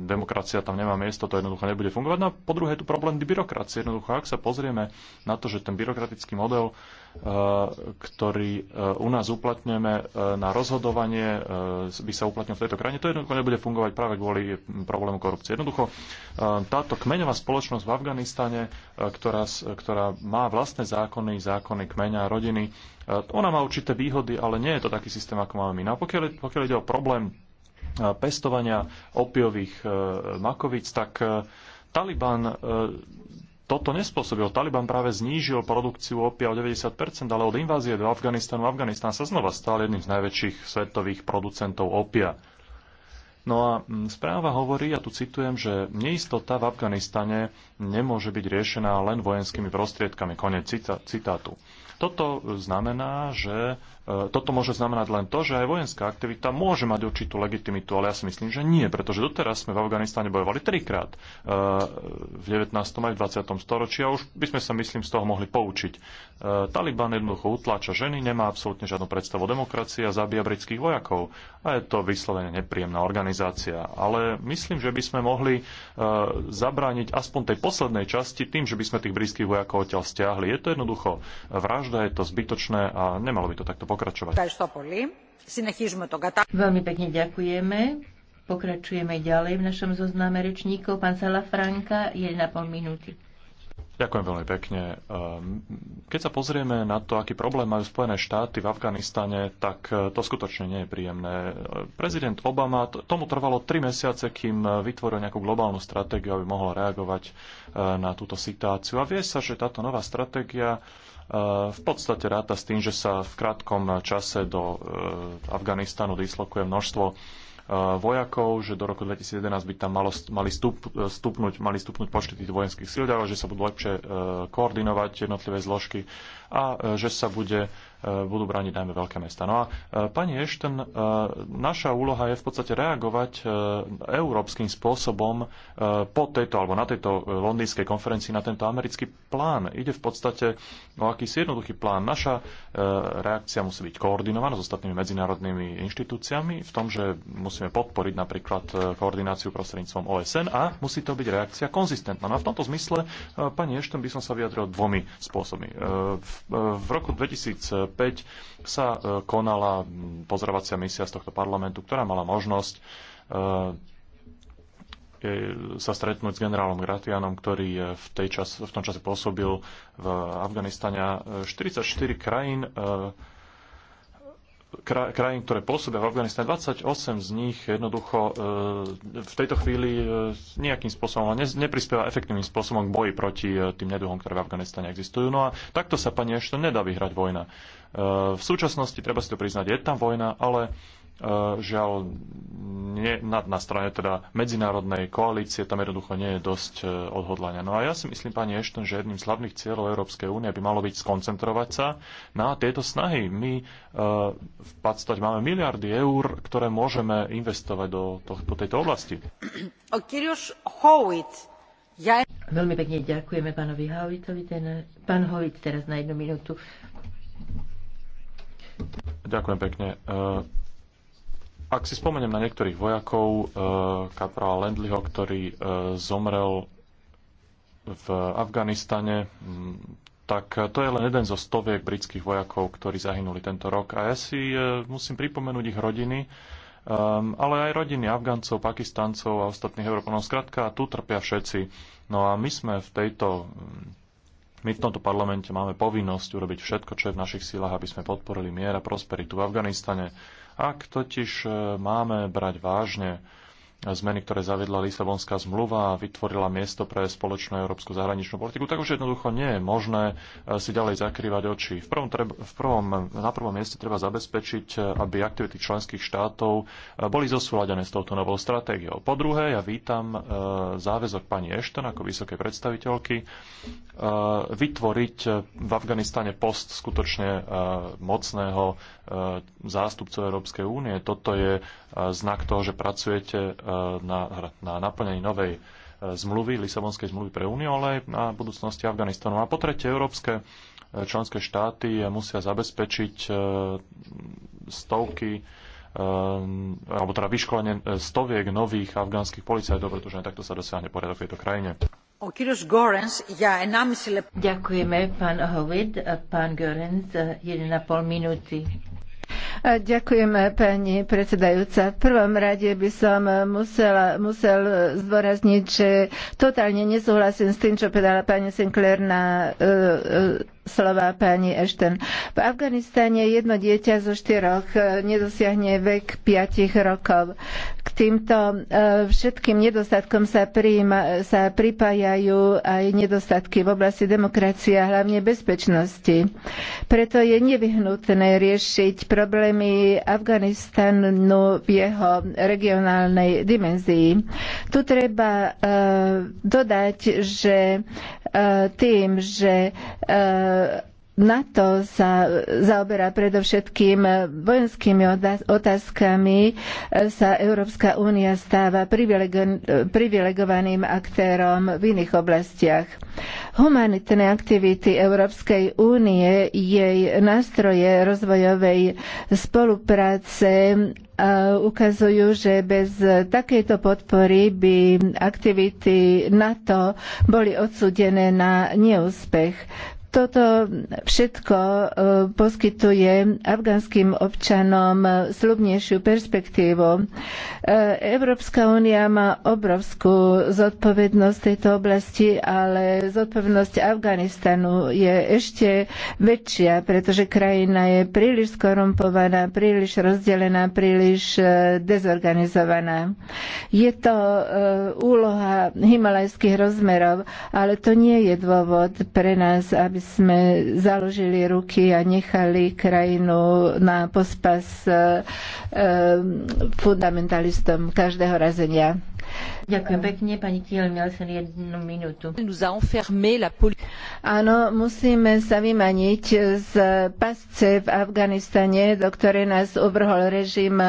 demokracia tam nemá miesto, to jednoducho nebude fungovať. No a po druhé je tu problém byrokracie. Jednoducho, ak sa pozrieme na to, že ten byrokratický model, e, ktorý e, u nás uplatňujeme e, na rozhodovanie, e, by sa uplatnil v tejto krajine, to jednoducho nebude fungovať práve kvôli e, problému korupcie. Jednoducho, e, táto kmeňová spoločnosť v Afganistane, e, ktorá, ktorá má vlastné zákony, zákony kmeňa, rodiny, e, ona má určité výhody, ale nie je to taký systém, ako máme my. No a pokiaľ, pokiaľ ide o problém pestovania opiových e, makovic, tak e, Taliban e, toto nespôsobil. Taliban práve znížil produkciu opia o 90%, ale od invázie do Afganistanu Afganistan sa znova stal jedným z najväčších svetových producentov opia. No a mm, správa hovorí, ja tu citujem, že neistota v Afganistane nemôže byť riešená len vojenskými prostriedkami. Konec cita- citátu toto znamená, že e, toto môže znamenať len to, že aj vojenská aktivita môže mať určitú legitimitu, ale ja si myslím, že nie, pretože doteraz sme v Afganistane bojovali trikrát e, v 19. aj v 20. storočí a už by sme sa, myslím, z toho mohli poučiť. E, Taliban jednoducho utláča ženy, nemá absolútne žiadnu predstavu o demokracii a zabíja britských vojakov. A je to vyslovene nepríjemná organizácia. Ale myslím, že by sme mohli zabrániť aspoň tej poslednej časti tým, že by sme tých britských vojakov odtiaľ stiahli. Je to jednoducho vražda absurdné, je to zbytočné a nemalo by to takto pokračovať. Veľmi pekne ďakujeme. Pokračujeme ďalej v našom zozname rečníkov. Pán Salafranka, 1,5 minúty. Ďakujem veľmi pekne. Ehm, keď sa pozrieme na to, aký problém majú Spojené štáty v Afganistane, tak e, to skutočne nie je príjemné. Prezident Obama, tomu trvalo tri mesiace, kým e, vytvoril nejakú globálnu stratégiu, aby mohol reagovať e, na túto situáciu. A vie sa, že táto nová stratégia Eh, v podstate ráta s tým, že sa v krátkom čase do eh, Afganistanu dislokuje množstvo eh, vojakov, že do roku 2011 by tam malo, mali, stup, stupnúť, mali stupnúť počty tých vojenských síl, že sa budú lepšie koordinovať jednotlivé zložky a že sa bude budú brániť najmä veľké mesta. No a e, pani Ešten, e, naša úloha je v podstate reagovať e, európskym spôsobom po tejto alebo na tejto londýnskej konferencii na tento americký plán. Ide v podstate o akýsi jednoduchý plán. Naša reakcia musí byť koordinovaná s ostatnými medzinárodnými inštitúciami v tom, že musíme podporiť napríklad koordináciu prostredníctvom OSN a musí to byť reakcia konzistentná. No a v tomto zmysle, pani Ešten, by som sa vyjadril dvomi spôsobmi. V roku 2000 2005 sa e, konala mm, pozorovacia misia z tohto parlamentu, ktorá mala možnosť e, e, sa stretnúť s generálom Gratianom, ktorý v, tej čas, v tom čase pôsobil v Afganistane. 44 krajín krajín, ktoré pôsobia v Afganistane, 28 z nich jednoducho e, v tejto chvíli e, nejakým spôsobom neprispieva efektívnym spôsobom k boji proti e, tým neduhom, ktoré v Afganistane existujú. No a takto sa, pani ešte nedá vyhrať vojna. V súčasnosti, treba si to priznať, je tam vojna, ale Eh, žiaľ nie, na, na strane teda medzinárodnej koalície tam jednoducho nie je dosť eh, odhodlania. No a ja si myslím, pani Ešton, že jedným z hlavných cieľov Európskej únie by malo byť skoncentrovať sa na tieto snahy. My e, v podstate máme miliardy eur, ktoré môžeme investovať do, to, do tejto oblasti. Veľmi pekne ďakujeme pánovi Hovitovi. Pán Hovit teraz na jednu minútu. Ďakujem pekne. E, ak si spomeniem na niektorých vojakov, e, kaprala Lendliho, ktorý e, zomrel v Afganistane, tak to je len jeden zo stoviek britských vojakov, ktorí zahynuli tento rok. A ja si e, musím pripomenúť ich rodiny, um, ale aj rodiny Afgancov, Pakistancov a ostatných Európanov. Skrátka, tu trpia všetci. No a my sme v tejto... My v tomto parlamente máme povinnosť urobiť všetko, čo je v našich sílach, aby sme podporili mier a prosperitu v Afganistane. Ak totiž e, máme brať vážne zmeny, ktoré zavedla Lisabonská zmluva a vytvorila miesto pre spoločnú európsku zahraničnú politiku, tak už jednoducho nie je možné eh, si ďalej zakrývať oči. V prvom, treb, v prvom, na prvom mieste treba zabezpečiť, eh, aby aktivity členských štátov eh, boli zosúladené s touto novou stratégiou. Po druhé, ja vítam záväzok pani ešten, ako vysokej predstaviteľky vytvoriť v Afganistane post skutočne mocného zástupcu Európskej únie. Toto je znak toho, že pracujete Eh, na, na naplnení novej eh, zmluvy, Lisabonskej zmluvy pre Úniu, ale aj na budúcnosti Afganistanu. A po tretie, európske eh, členské štáty musia zabezpečiť stovky alebo teda vyškolenie stoviek nových afgánskych policajtov, pretože aj takto sa dosiahne poriadok v tejto krajine. Ďakujeme, pán Hovid. Pán Gorens, 1,5 minúty. Ďakujeme, pani predsedajúca. V prvom rade by som musela, musel zdôrazniť, že totálne nesúhlasím s tým, čo povedala pani Sinclair na uh, uh, slova pani Ešten. V Afganistane jedno dieťa zo štyroch e, nedosiahne vek piatich rokov. K týmto e, všetkým nedostatkom sa, prijíma, sa pripájajú aj nedostatky v oblasti demokracie a hlavne bezpečnosti. Preto je nevyhnutné riešiť problémy Afganistanu v jeho regionálnej dimenzii. Tu treba e, dodať, že tým, že E, NATO sa zaoberá predovšetkým vojenskými otázkami, e, sa Európska únia stáva privilegovaným aktérom v iných oblastiach. Humanitné aktivity Európskej únie, jej nástroje rozvojovej spolupráce e, ukazujú, že bez takejto podpory by aktivity NATO boli odsudené na neúspech. Toto všetko e, poskytuje afganským občanom slubnejšiu perspektívu. E, Európska únia má obrovskú zodpovednosť tejto oblasti, ale zodpovednosť Afganistanu je ešte väčšia, pretože krajina je príliš skorumpovaná, príliš rozdelená, príliš e, dezorganizovaná. Je to úloha himalajských rozmerov, ale to nie je dôvod pre nás, aby sme založili ruky a nechali krajinu na pospas eh, eh, fundamentalistom každého razenia. Ďakujem pekne, pani Kiel Mielsen, jednu minútu. Áno, musíme sa vymaniť z pasce v Afganistane, do ktorej nás uvrhol režim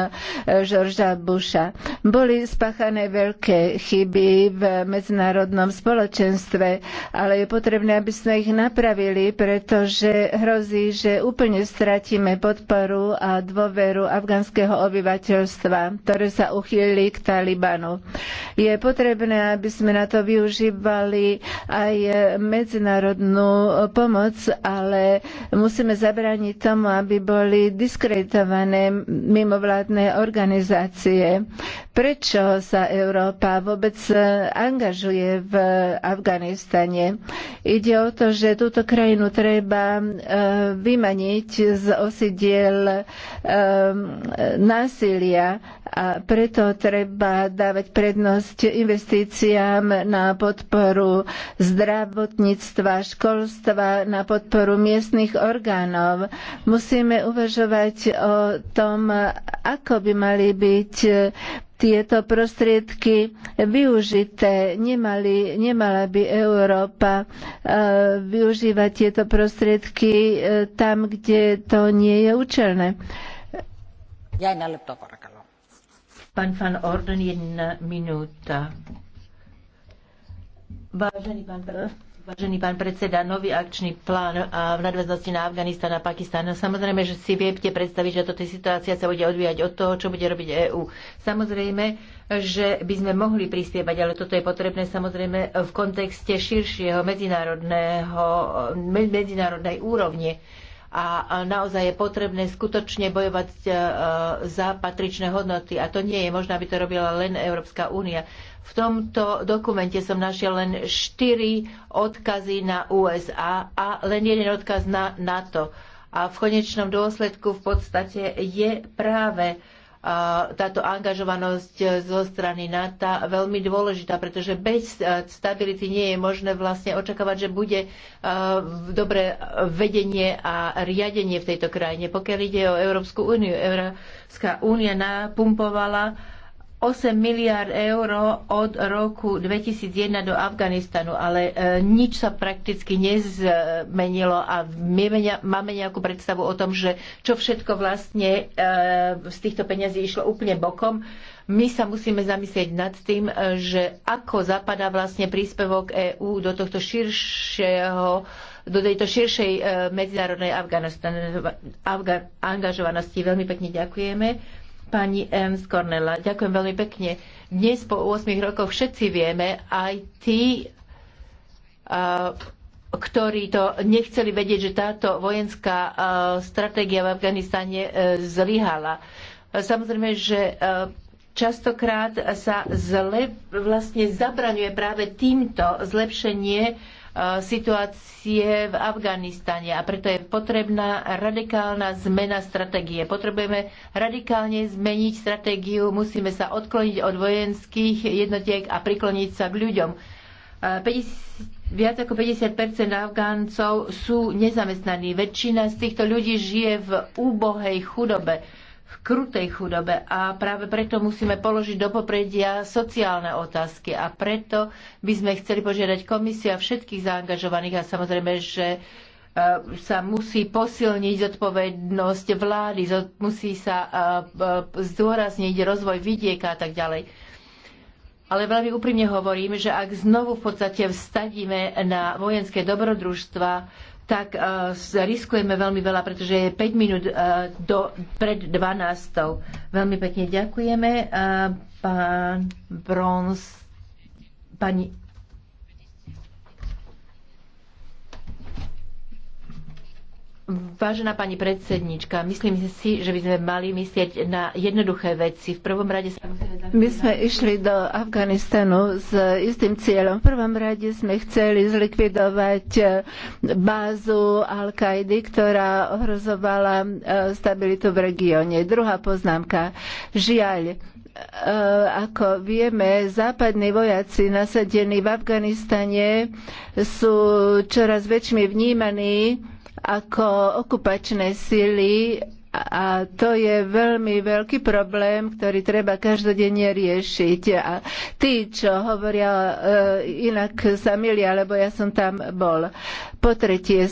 Žorža eh, Busha. Boli spáchané veľké chyby v medzinárodnom spoločenstve, ale je potrebné, aby sme ich napravili, pretože hrozí, že úplne stratíme podporu a dôveru afgánskeho obyvateľstva, ktoré sa uchýlili k Talibanu. Je potrebné, aby sme na to využívali aj medzinárodnú pomoc, ale musíme zabrániť tomu, aby boli diskreditované mimovládne organizácie. Prečo sa Európa vôbec angažuje v Afganistane? Ide o to, že túto krajinu treba e, vymaniť z osidiel e, e, násilia a preto treba dávať prednosť investíciám na podporu zdravotníctva, školstva, na podporu miestnych orgánov. Musíme uvažovať o tom, ako by mali byť tieto prostriedky využité. Nemali, nemala by Európa e, využívať tieto prostriedky e, tam, kde to nie je účelné. Ja Pán Van Orden, jedna minúta. Vážený pán, vážený pán predseda, nový akčný plán a v nadväznosti na Afganistán a Pakistán. Samozrejme, že si viete predstaviť, že toto situácia sa bude odvíjať od toho, čo bude robiť EÚ. Samozrejme, že by sme mohli prispievať, ale toto je potrebné samozrejme v kontexte širšieho medzinárodného, medzinárodnej úrovne a naozaj je potrebné skutočne bojovať e, e, za patričné hodnoty a to nie je možné, aby to robila len Európska únia. V tomto dokumente som našiel len štyri odkazy na USA a len jeden odkaz na NATO. A v konečnom dôsledku v podstate je práve táto angažovanosť zo strany NATO veľmi dôležitá, pretože bez e, stability nie je možné vlastne očakávať, že bude e, dobré vedenie a riadenie v tejto krajine. Pokiaľ ide o Európsku úniu, Európska únia napumpovala 8 miliard eur od roku 2001 do Afganistanu, ale e, nič sa prakticky nezmenilo a my máme nejakú predstavu o tom, že čo všetko vlastne e, z týchto peňazí išlo úplne bokom. My sa musíme zamyslieť nad tým, e, že ako zapadá vlastne príspevok EÚ do tohto širšieho do tejto širšej medzinárodnej angažovanosti. Veľmi pekne ďakujeme pani Ernst Cornela. Ďakujem veľmi pekne. Dnes po 8 rokoch všetci vieme, aj tí, ktorí to nechceli vedieť, že táto vojenská stratégia v Afganistane e, zlyhala. Samozrejme, že e, častokrát sa zle, vlastne zabraňuje práve týmto zlepšenie situácie v Afganistane a preto je potrebná radikálna zmena stratégie. Potrebujeme radikálne zmeniť stratégiu, musíme sa odkloniť od vojenských jednotiek a prikloniť sa k ľuďom. 50, viac ako 50 Afgáncov sú nezamestnaní. Väčšina z týchto ľudí žije v úbohej chudobe v krutej chudobe a práve preto musíme položiť do popredia sociálne otázky a preto by sme chceli požiadať komisiu a všetkých zaangažovaných a samozrejme, že e, sa musí posilniť zodpovednosť vlády, musí sa e, e, zdôrazniť rozvoj vidieka a tak ďalej. Ale veľmi úprimne hovorím, že ak znovu v podstate vstadíme na vojenské dobrodružstva, tak uh, riskujeme veľmi veľa, pretože je 5 minút uh, do, pred 12. Veľmi pekne ďakujeme. Uh, pán Brons, pani Vážená pani predsednička, myslím si, že by sme mali myslieť na jednoduché veci. V prvom rade sa musíme... My sme išli do Afganistanu s istým cieľom. V prvom rade sme chceli zlikvidovať e, bázu Al-Kaidy, ktorá ohrozovala e, stabilitu v regióne. Druhá poznámka. Žiaľ, e, ako vieme, západní vojaci nasadení v Afganistane sú čoraz väčšmi vnímaní ako okupačné sily a to je veľmi veľký problém, ktorý treba každodenne riešiť. A tí, čo hovoria e, inak sa milia, lebo ja som tam bol. Po tretie,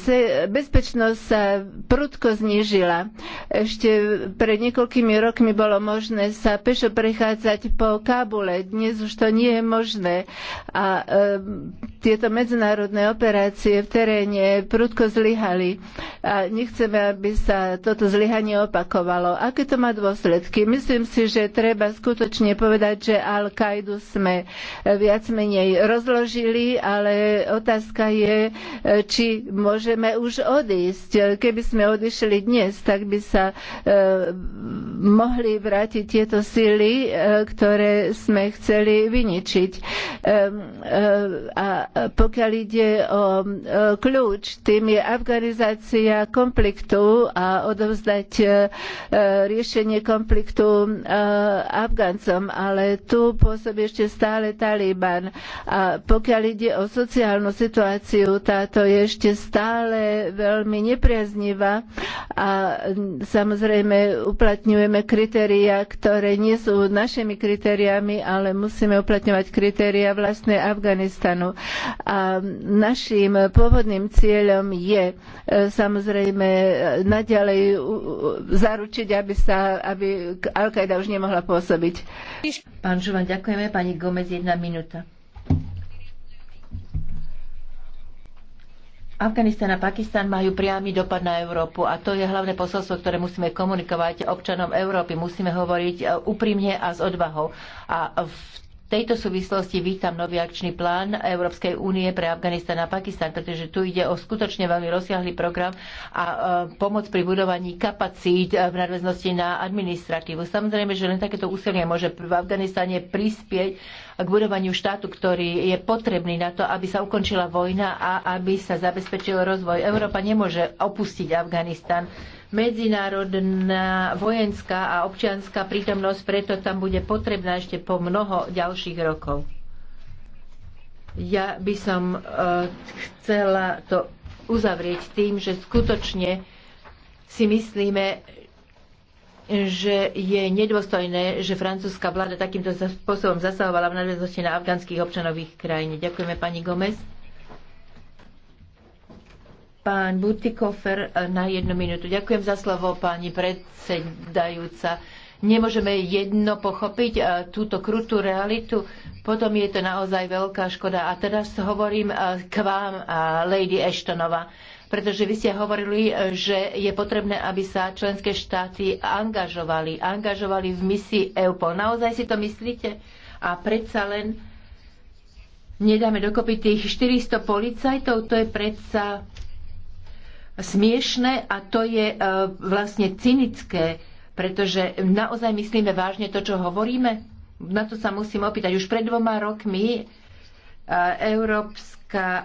bezpečnosť sa prudko znížila. Ešte pred niekoľkými rokmi bolo možné sa pešo prechádzať po Kábule. Dnes už to nie je možné. A e, tieto medzinárodné operácie v teréne prudko zlyhali a nechceme, aby sa toto zlyhanie opakovalo. Aké to má dôsledky? Myslím si, že treba skutočne povedať, že Al-Kaidu sme viac menej rozložili, ale otázka je, či môžeme už odísť. Keby sme odišli dnes, tak by sa e, mohli vrátiť tieto síly, e, ktoré sme chceli vyničiť. E, a pokiaľ ide o kľúč, tým je afganizácia riešenia konfliktu a odovzdať e, e, riešenie konfliktu e, Afgáncom, ale tu pôsobí ešte stále Taliban. A pokiaľ ide o sociálnu situáciu, táto je ešte stále veľmi nepriaznivá a samozrejme uplatňujeme kritéria, ktoré nie sú našimi kritériami, ale musíme uplatňovať kritéria vlastne Afganistanu. A našim pôvodným cieľom je samozrejme samozrejme e, naďalej e, zaručiť, aby, sa, aby Al-Qaida už nemohla pôsobiť. Pán Žuvan, ďakujeme. Pani Gomez, jedna minúta. Afganistan a Pakistan majú priamy dopad na Európu a to je hlavné posolstvo, ktoré musíme komunikovať občanom Európy. Musíme hovoriť e, úprimne a s odvahou. A v tejto súvislosti vítam nový akčný plán Európskej únie pre Afganistan a Pakistan, pretože tu ide o skutočne veľmi rozsiahly program a e, pomoc pri budovaní kapacít e, v nadväznosti na administratívu. Samozrejme, že len takéto úsilie môže v Afganistane prispieť k budovaniu štátu, ktorý je potrebný na to, aby sa ukončila vojna a aby sa zabezpečil rozvoj. Európa nemôže opustiť Afganistan medzinárodná vojenská a občianská prítomnosť, preto tam bude potrebná ešte po mnoho ďalších rokov. Ja by som e, chcela to uzavrieť tým, že skutočne si myslíme, že je nedôstojné, že francúzska vláda takýmto spôsobom zasahovala v nadväznosti na afgánskych občanových krajine. Ďakujeme pani Gomez. Pán Butikofer e, na jednu minútu. Ďakujem za slovo, pani predsedajúca. Nemôžeme jedno pochopiť e, túto krutú realitu, potom je to naozaj veľká škoda. A teraz hovorím e, k vám, Lady Ashtonová pretože vy ste hovorili, že je potrebné, aby sa členské štáty angažovali, angažovali v misii EUPOL. Naozaj si to myslíte? A predsa len nedáme dokopy tých 400 policajtov, to je predsa smiešné a to je e, vlastne cynické, pretože naozaj myslíme vážne to, čo hovoríme. Na to sa musím opýtať. Už pred dvoma rokmi e, Európska e,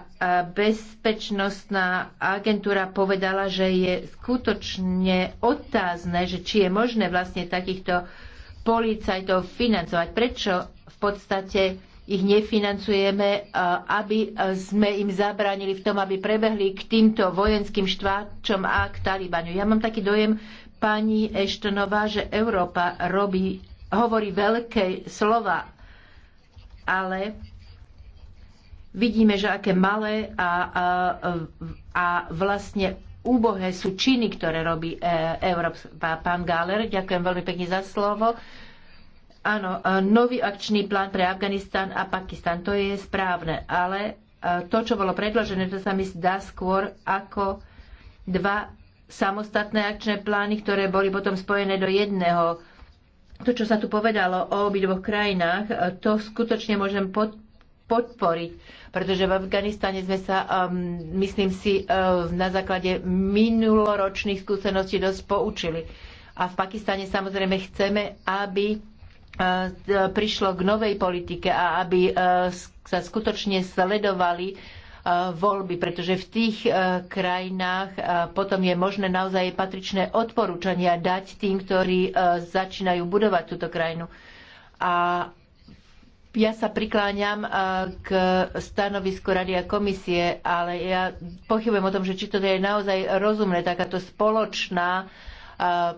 bezpečnostná agentúra povedala, že je skutočne otázne, že či je možné vlastne takýchto policajtov financovať. Prečo v podstate ich nefinancujeme, e, aby e, sme im zabránili v tom, aby prebehli k týmto vojenským štváčom a k Talibanu. Ja mám taký dojem, pani Eštonová, že Európa robí, hovorí veľké slova, ale vidíme, že aké malé a, a, a vlastne úbohé sú činy, ktoré robí e, Európa. Pán Gáler, ďakujem veľmi pekne za slovo. Áno, nový akčný plán pre Afganistan a Pakistan, to je správne, ale to, čo bolo predložené, to sa mi zdá skôr ako dva samostatné akčné plány, ktoré boli potom spojené do jedného. To, čo sa tu povedalo o obidvoch krajinách, to skutočne môžem pod, podporiť, pretože v Afganistane sme sa, um, myslím si, um, na základe minuloročných skúseností dosť poučili. A v Pakistane samozrejme chceme, aby E, prišlo k novej politike a aby e, sa skutočne sledovali e, voľby, pretože v tých krajinách potom je možné naozaj patričné odporúčania dať tým, ktorí začínajú budovať túto krajinu. A ja sa prikláňam k stanovisku Rady a komisie, ale ja pochybujem o tom, že či to je naozaj rozumné, takáto spoločná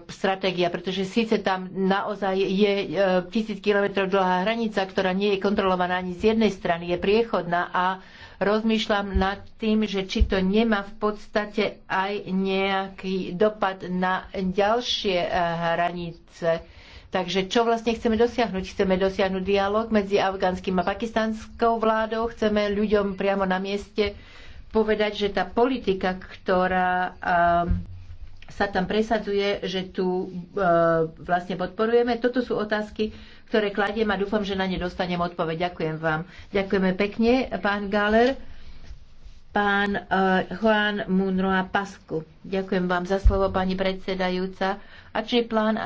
stratégia, pretože síce tam naozaj je e, tisíc kilometrov dlhá hranica, ktorá nie je kontrolovaná ani z jednej strany, je priechodná a rozmýšľam nad tým, že či to nemá v podstate aj nejaký dopad na ďalšie e, hranice. Takže čo vlastne chceme dosiahnuť? Chceme dosiahnuť dialog medzi afgánskym a pakistanskou vládou, chceme ľuďom priamo na mieste povedať, že tá politika, ktorá um, sa tam presadzuje, že tu e, vlastne podporujeme. Toto sú otázky, ktoré kladiem a dúfam, že na ne dostanem odpoveď. Ďakujem vám. Ďakujeme pekne, pán Galer, pán uh, Juan Munroa Pasku. Ďakujem vám za slovo, pani predsedajúca. Akčný plán e,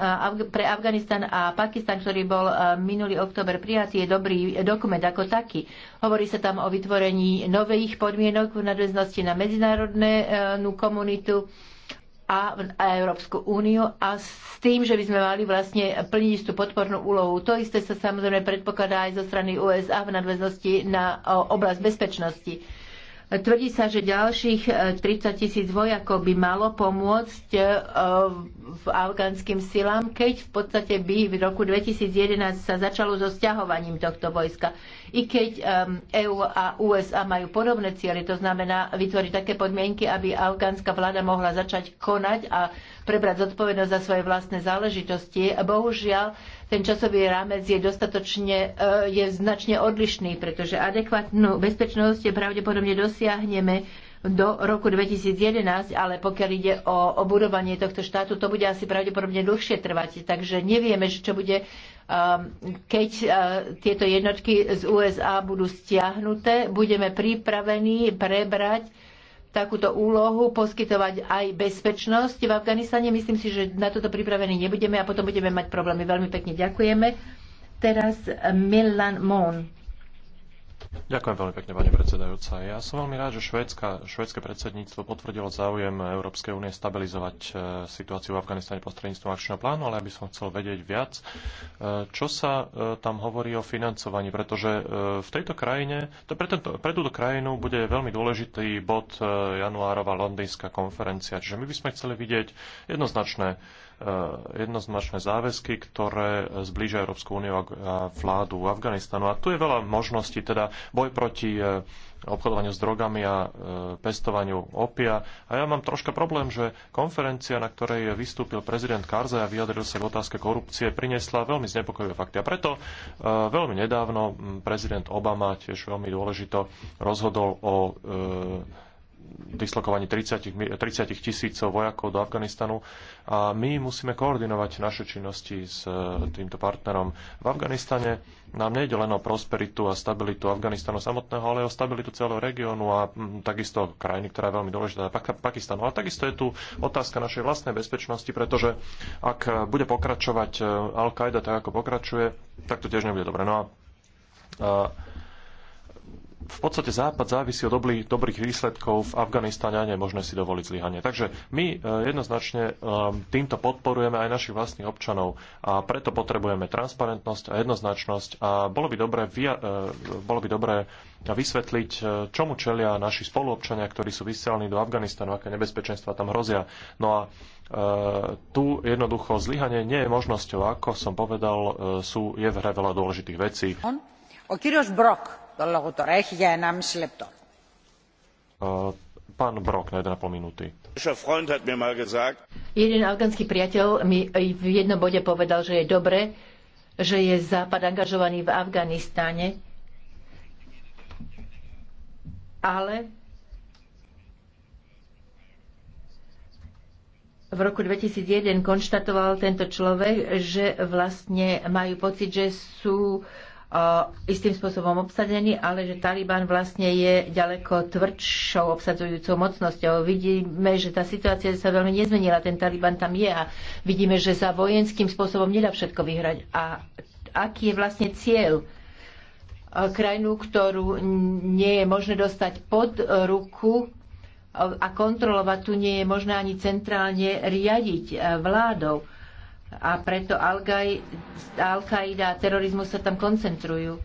pre Afganistan a Pakistan, ktorý bol e, minulý október prijatý, je dobrý dokument ako taký. Hovorí sa tam o vytvorení nových podmienok v nadväznosti na medzinárodnú komunitu a, v Európsku úniu a s tým, že by sme mali vlastne plniť istú podpornú úlohu. To isté sa samozrejme predpokladá aj zo strany USA v nadväznosti na oblasť bezpečnosti. Tvrdí sa, že ďalších 30 e, tisíc vojakov by malo pomôcť e, v afgánskym silám, keď v podstate by v roku 2011 sa začalo so stiahovaním tohto vojska i keď um, EÚ a USA majú podobné ciele, to znamená vytvoriť také podmienky, aby afgánska vláda mohla začať konať a prebrať zodpovednosť za svoje vlastné záležitosti. Bohužiaľ, ten časový rámec je dostatočne, e, je značne odlišný, pretože adekvátnu bezpečnosť pravdepodobne dosiahneme do roku 2011, ale pokiaľ ide o obudovanie tohto štátu, to bude asi pravdepodobne dlhšie trvať. Takže nevieme, čo bude, um, keď uh, tieto jednotky z USA budú stiahnuté. Budeme pripravení prebrať takúto úlohu, poskytovať aj bezpečnosť v Afganistane. Myslím si, že na toto pripravení nebudeme a potom budeme mať problémy. Veľmi pekne ďakujeme. Teraz Milan Mon. Ďakujem veľmi pekne, pani predsedajúca. Ja som veľmi rád, že švédska, švédske predsedníctvo potvrdilo záujem Európskej únie stabilizovať e, situáciu v Afganistane prostredníctvom akčného plánu, ale ja by som chcel vedieť viac, e, čo sa e, tam hovorí o financovaní, pretože v tejto krajine, pre, tento, pre túto krajinu bude veľmi dôležitý bod januárova londýnska konferencia, čiže my by sme chceli vidieť jednoznačné Eh, jednoznačné záväzky, ktoré zblížia Európsku úniu a vládu Afganistanu. A tu je veľa možností, teda boj proti eh, obchodovaniu s drogami a eh, pestovaniu opia. A ja mám troška problém, že konferencia, na ktorej vystúpil prezident Karzaj a vyjadril sa k otázke korupcie, priniesla veľmi znepokojivé fakty. A preto veľmi nedávno mm, prezident Obama tiež veľmi dôležito rozhodol o dislokovaní 30, 30 tisícov vojakov do Afganistanu a my musíme koordinovať naše činnosti s e, týmto partnerom. V Afganistane nám nejde len o prosperitu a stabilitu Afganistanu samotného, ale o stabilitu celého regiónu a mm, takisto krajiny, ktorá je veľmi dôležitá, Pakistanu. A takisto je tu otázka našej vlastnej bezpečnosti, pretože ak e, bude pokračovať e, Al-Qaida tak, ako pokračuje, tak to tiež nebude dobre. No a, a v podstate Západ závisí od dobrých, dobrých výsledkov v Afganistane a nie je možné si dovoliť zlyhanie. Takže my e, jednoznačne e, týmto podporujeme aj našich vlastných občanov a preto potrebujeme transparentnosť a jednoznačnosť a bolo by dobré, e, bolo by dobré vysvetliť, čomu čelia naši spoluobčania, ktorí sú vysielaní do Afganistanu, aké nebezpečenstva tam hrozia. No a tu jednoducho zlyhanie nie je možnosťou. Ako som povedal, sú, je v hre veľa dôležitých vecí. On? Jeden afganský priateľ mi v jednom bode povedal, že je dobré, že je Západ angažovaný v Afganistane. ale v roku 2001 konštatoval tento človek, že vlastne majú pocit, že sú Eh, istým spôsobom obsadený, ale že Taliban vlastne je ďaleko tvrdšou obsadzujúcou mocnosťou. Vidíme, že tá situácia sa veľmi nezmenila, ten Taliban tam je a vidíme, že sa vojenským spôsobom nedá všetko vyhrať. A aký je vlastne cieľ? Eh, krajinu, ktorú nie je možné dostať pod ruku eh, a kontrolovať, tu nie je možné ani centrálne riadiť vládou a preto Al-Qaida a terorizmus sa tam koncentrujú.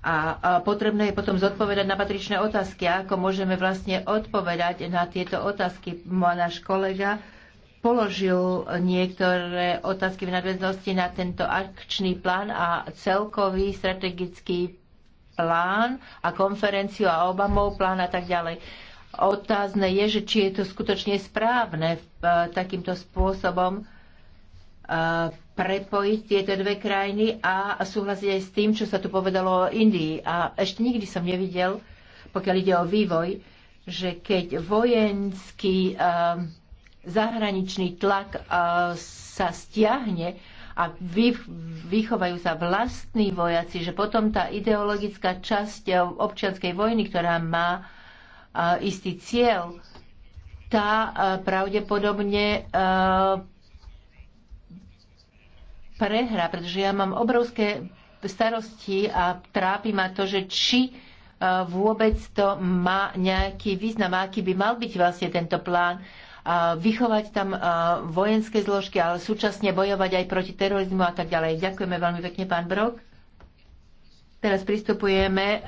A potrebné je potom zodpovedať na patričné otázky. A ako môžeme vlastne odpovedať na tieto otázky? Náš kolega položil niektoré otázky v nadväznosti na tento akčný plán a celkový strategický plán a konferenciu a Obamov plán a tak ďalej. Otázne je, že či je to skutočne správne e, takýmto spôsobom E, prepojiť tieto dve krajiny a súhlasiť aj s tým, čo sa tu povedalo o Indii. A ešte nikdy som nevidel, pokiaľ ide o vývoj, že keď vojenský e, zahraničný tlak e, sa stiahne a vychovajú sa vlastní vojaci, že potom tá ideologická časť občianskej vojny, ktorá má istý cieľ, tá pravdepodobne prehra, pretože ja mám obrovské starosti a trápi ma to, že či e, vôbec to má nejaký význam, aký by mal byť vlastne tento plán e, vychovať tam e, vojenské zložky, ale súčasne bojovať aj proti terorizmu a tak ďalej. Ďakujeme veľmi pekne, pán Brok. Teraz pristupujeme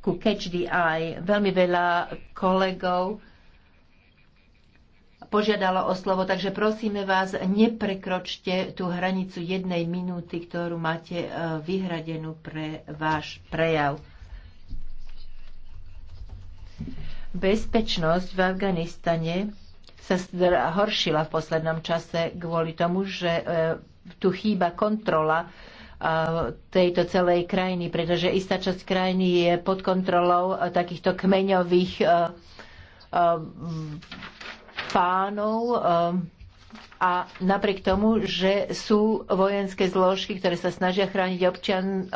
ku Catch the Eye. Veľmi veľa kolegov požiadala o slovo, takže prosíme vás, neprekročte tú hranicu jednej minúty, ktorú máte e, vyhradenú pre váš prejav. Bezpečnosť v Afganistane sa horšila v poslednom čase kvôli tomu, že e, tu chýba kontrola e, tejto celej krajiny, pretože istá časť krajiny je pod kontrolou takýchto kmeňových fánov ehm, a napriek tomu, že sú vojenské zložky, ktoré sa snažia chrániť občan,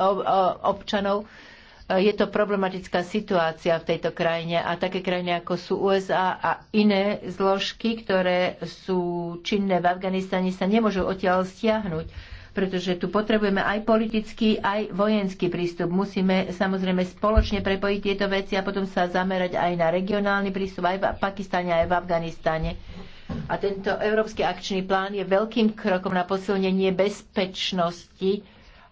občanov, eh, je to problematická situácia v tejto krajine a také krajiny ako sú USA a iné zložky, ktoré sú činné v Afganistane, sa nemôžu odtiaľ stiahnuť pretože tu potrebujeme aj politický, aj vojenský prístup. Musíme samozrejme spoločne prepojiť tieto veci a potom sa zamerať aj na regionálny prístup aj v Pakistane, aj v Afganistane. A tento Európsky akčný plán je veľkým krokom na posilnenie bezpečnosti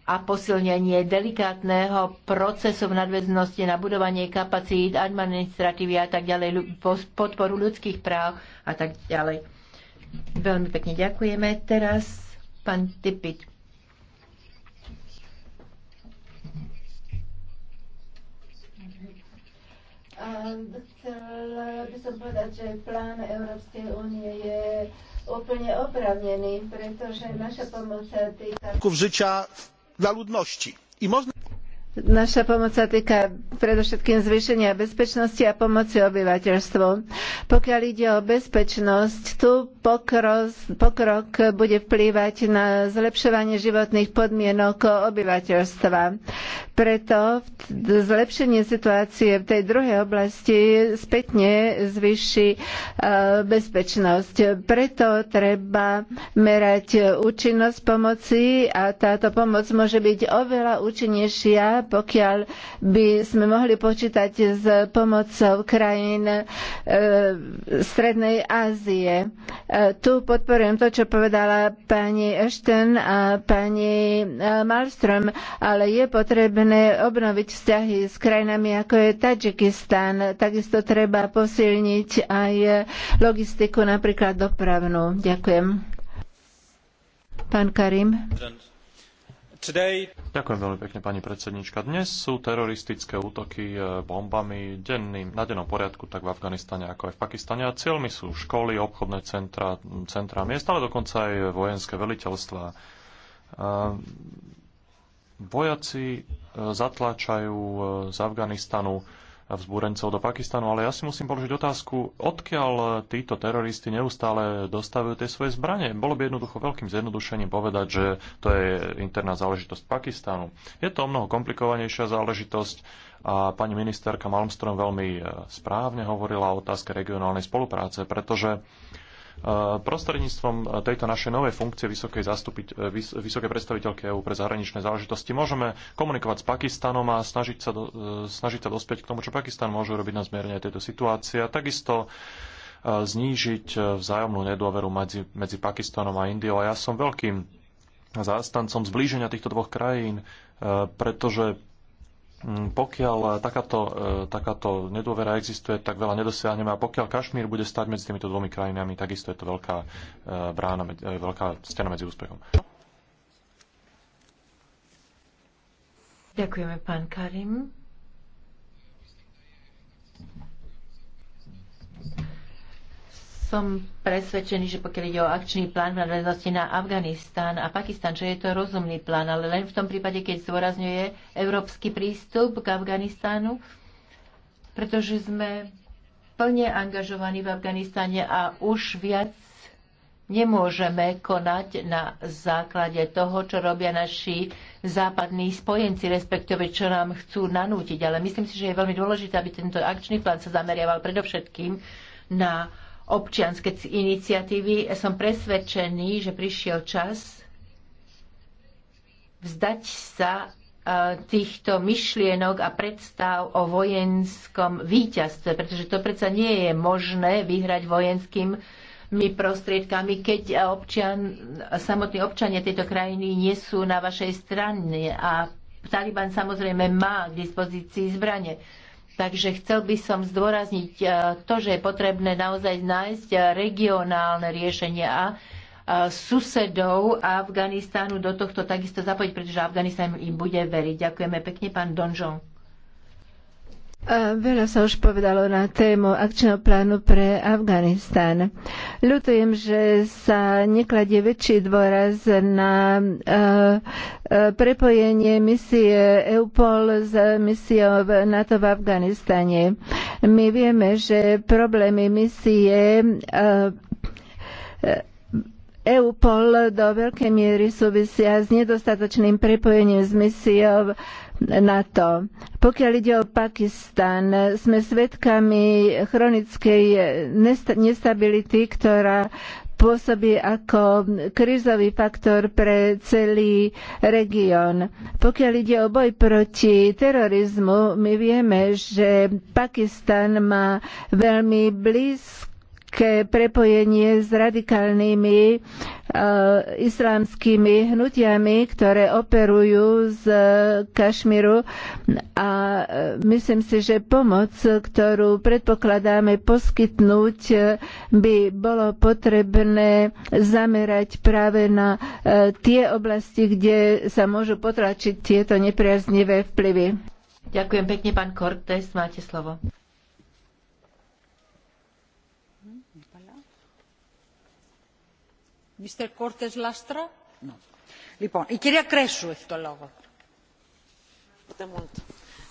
a posilnenie delikátneho procesu v nadväznosti na budovanie kapacít, administratívy a tak ďalej, podporu ľudských práv a tak ďalej. Veľmi pekne ďakujeme. Teraz Pán Tipič. A chcela by som povedať, že plán Európskej únie je úplne opravnený, pretože naša pomoc sa týka... ...v ...życia dla ľudnosti. I možno... Naša pomoc sa týka predovšetkým zvýšenia bezpečnosti a pomoci obyvateľstvu. Pokiaľ ide o bezpečnosť, tu pokros, pokrok bude vplývať na zlepšovanie životných podmienok obyvateľstva. Preto zlepšenie situácie v tej druhej oblasti spätne zvýši e, bezpečnosť. Preto treba merať účinnosť pomoci a táto pomoc môže byť oveľa účinnejšia pokiaľ by sme mohli počítať s pomocou krajín e, Strednej Ázie. E, tu podporujem to, čo povedala pani Ashton a pani e, Malmström, ale je potrebné obnoviť vzťahy s krajinami ako je Tadžikistan. Takisto treba posilniť aj logistiku, napríklad dopravnú. Ďakujem. Pán Karim. Ďakujem veľmi pekne, pani predsednička. Dnes sú teroristické útoky e, bombami denným, na dennom poriadku tak v Afganistane ako aj v Pakistane. A cieľmi sú školy, obchodné centra, centra miest, ale dokonca aj vojenské veliteľstva. E, vojaci e, zatláčajú z Afganistanu vzbúrencov do Pakistanu, ale ja si musím položiť otázku, odkiaľ títo teroristi neustále dostávajú tie svoje zbranie. Bolo by jednoducho veľkým zjednodušením povedať, že to je interná záležitosť Pakistanu. Je to o mnoho komplikovanejšia záležitosť a pani ministerka Malmström veľmi e, správne hovorila o otázke regionálnej spolupráce, pretože uh, E, prostredníctvom e, tejto našej novej funkcie vysokej, zastupiť, e, vysokej predstaviteľky EÚ pre zahraničné záležitosti môžeme komunikovať s Pakistanom a snažiť sa, do, snažiť sa dospieť k tomu, čo Pakistan môže robiť na zmierne tejto situácie. A takisto znížiť vzájomnú nedôveru medzi, medzi Pakistanom a Indiou. A ja som veľkým zástancom zblíženia týchto dvoch krajín, pretože Mm, pokiaľ eh, takáto, eh, takáto nedôvera existuje, tak veľa nedosiahneme. A pokiaľ Kašmír bude stať medzi týmito dvomi krajinami, takisto je to veľká, eh, brána, veľká stena medzi úspechom. Ďakujeme, pán Karim. Som presvedčený, že pokiaľ ide o akčný plán v nadväznosti na Afganistán a Pakistan, že je to rozumný plán, ale len v tom prípade, keď zdôrazňuje európsky prístup k Afganistánu, pretože sme plne angažovaní v Afganistane a už viac nemôžeme konať na základe toho, čo robia naši západní spojenci, respektíve čo nám chcú nanútiť. Ale myslím si, že je veľmi dôležité, aby tento akčný plán sa zameriaval predovšetkým na občianske iniciatívy. Som presvedčený, že prišiel čas vzdať sa e, týchto myšlienok a predstav o vojenskom víťazstve, pretože to predsa nie je možné vyhrať vojenskými prostriedkami, keď občan, samotní občania tejto krajiny nie sú na vašej strane a Taliban samozrejme má k dispozícii zbranie. Takže chcel by som zdôrazniť e, to, že je potrebné naozaj nájsť e, regionálne riešenie a e, susedov Afganistánu do tohto takisto zapojiť, pretože Afganistán im bude veriť. Ďakujeme pekne, pán Donžon. Veľa sa už povedalo na tému akčného plánu pre Afganistan. Ľutujem, že sa nekladie väčší dôraz na e, e, prepojenie misie EUPOL s misiou NATO v Afganistane. My vieme, že problémy misie e, EUPOL do veľkej miery súvisia s nedostatočným prepojením s misiou NATO. Pokiaľ ide o Pakistan, sme svedkami chronickej nestability, ktorá pôsobí ako krízový faktor pre celý región. Pokiaľ ide o boj proti terorizmu, my vieme, že Pakistan má veľmi blízko ke prepojenie s radikálnymi e, islámskymi hnutiami, ktoré operujú z Kašmiru a e, myslím si, že pomoc, ktorú predpokladáme poskytnúť, e, by bolo potrebné zamerať práve na e, tie oblasti, kde sa môžu potlačiť tieto nepriaznivé vplyvy. Ďakujem pekne, pán Cortés, máte slovo. No.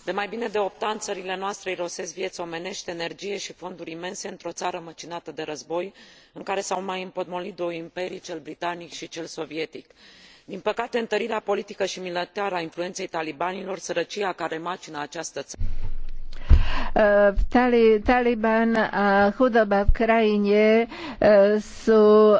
de mai bine de opt ani ările noastre irosesc viei omeneti energie i fonduri imense într o ară măcinată de război în care s au mai împotmolit două imperii cel britanic i cel sovietic. din păcate întărirea politică i militară a influenei talibanilor sărăcia care macină această ară Tali, Taliban a chudoba v krajine e, sú e,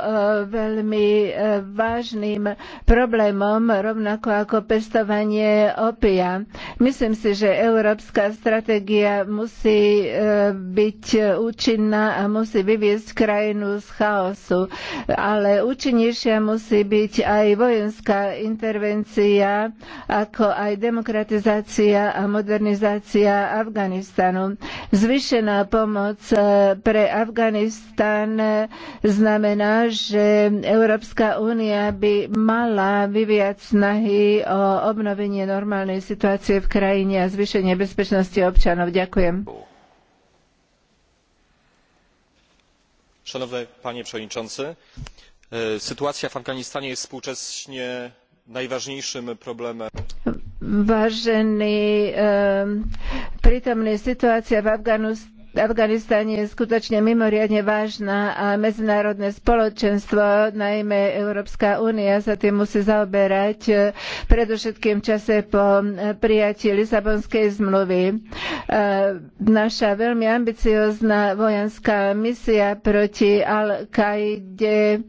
veľmi e, vážnym problémom, rovnako ako pestovanie opia. Myslím si, že európska stratégia musí byť účinná a musí vyviesť krajinu z chaosu, ale účinnejšia musí byť aj vojenská intervencia, ako aj demokratizácia a modernizácia Afganistanu regiónu. Zvyšená pomoc e, pre Afganistan e, znamená, že Európska únia by mala vyviať snahy o obnovenie normálnej situácie v krajine a zvýšenie bezpečnosti občanov. Ďakujem. Szanowny panie przewodniczący, e, sytuacja w Afganistanie jest współcześnie najważniejszym problemem. Vážený, ehm, prítomný situácia v Afganistane Afganistane je skutočne mimoriadne vážna a medzinárodné spoločenstvo, najmä Európska únia, sa tým musí zaoberať e, predovšetkým v čase po e, prijatí Lisabonskej zmluvy. E, naša veľmi ambiciozná vojenská misia proti Al-Kaide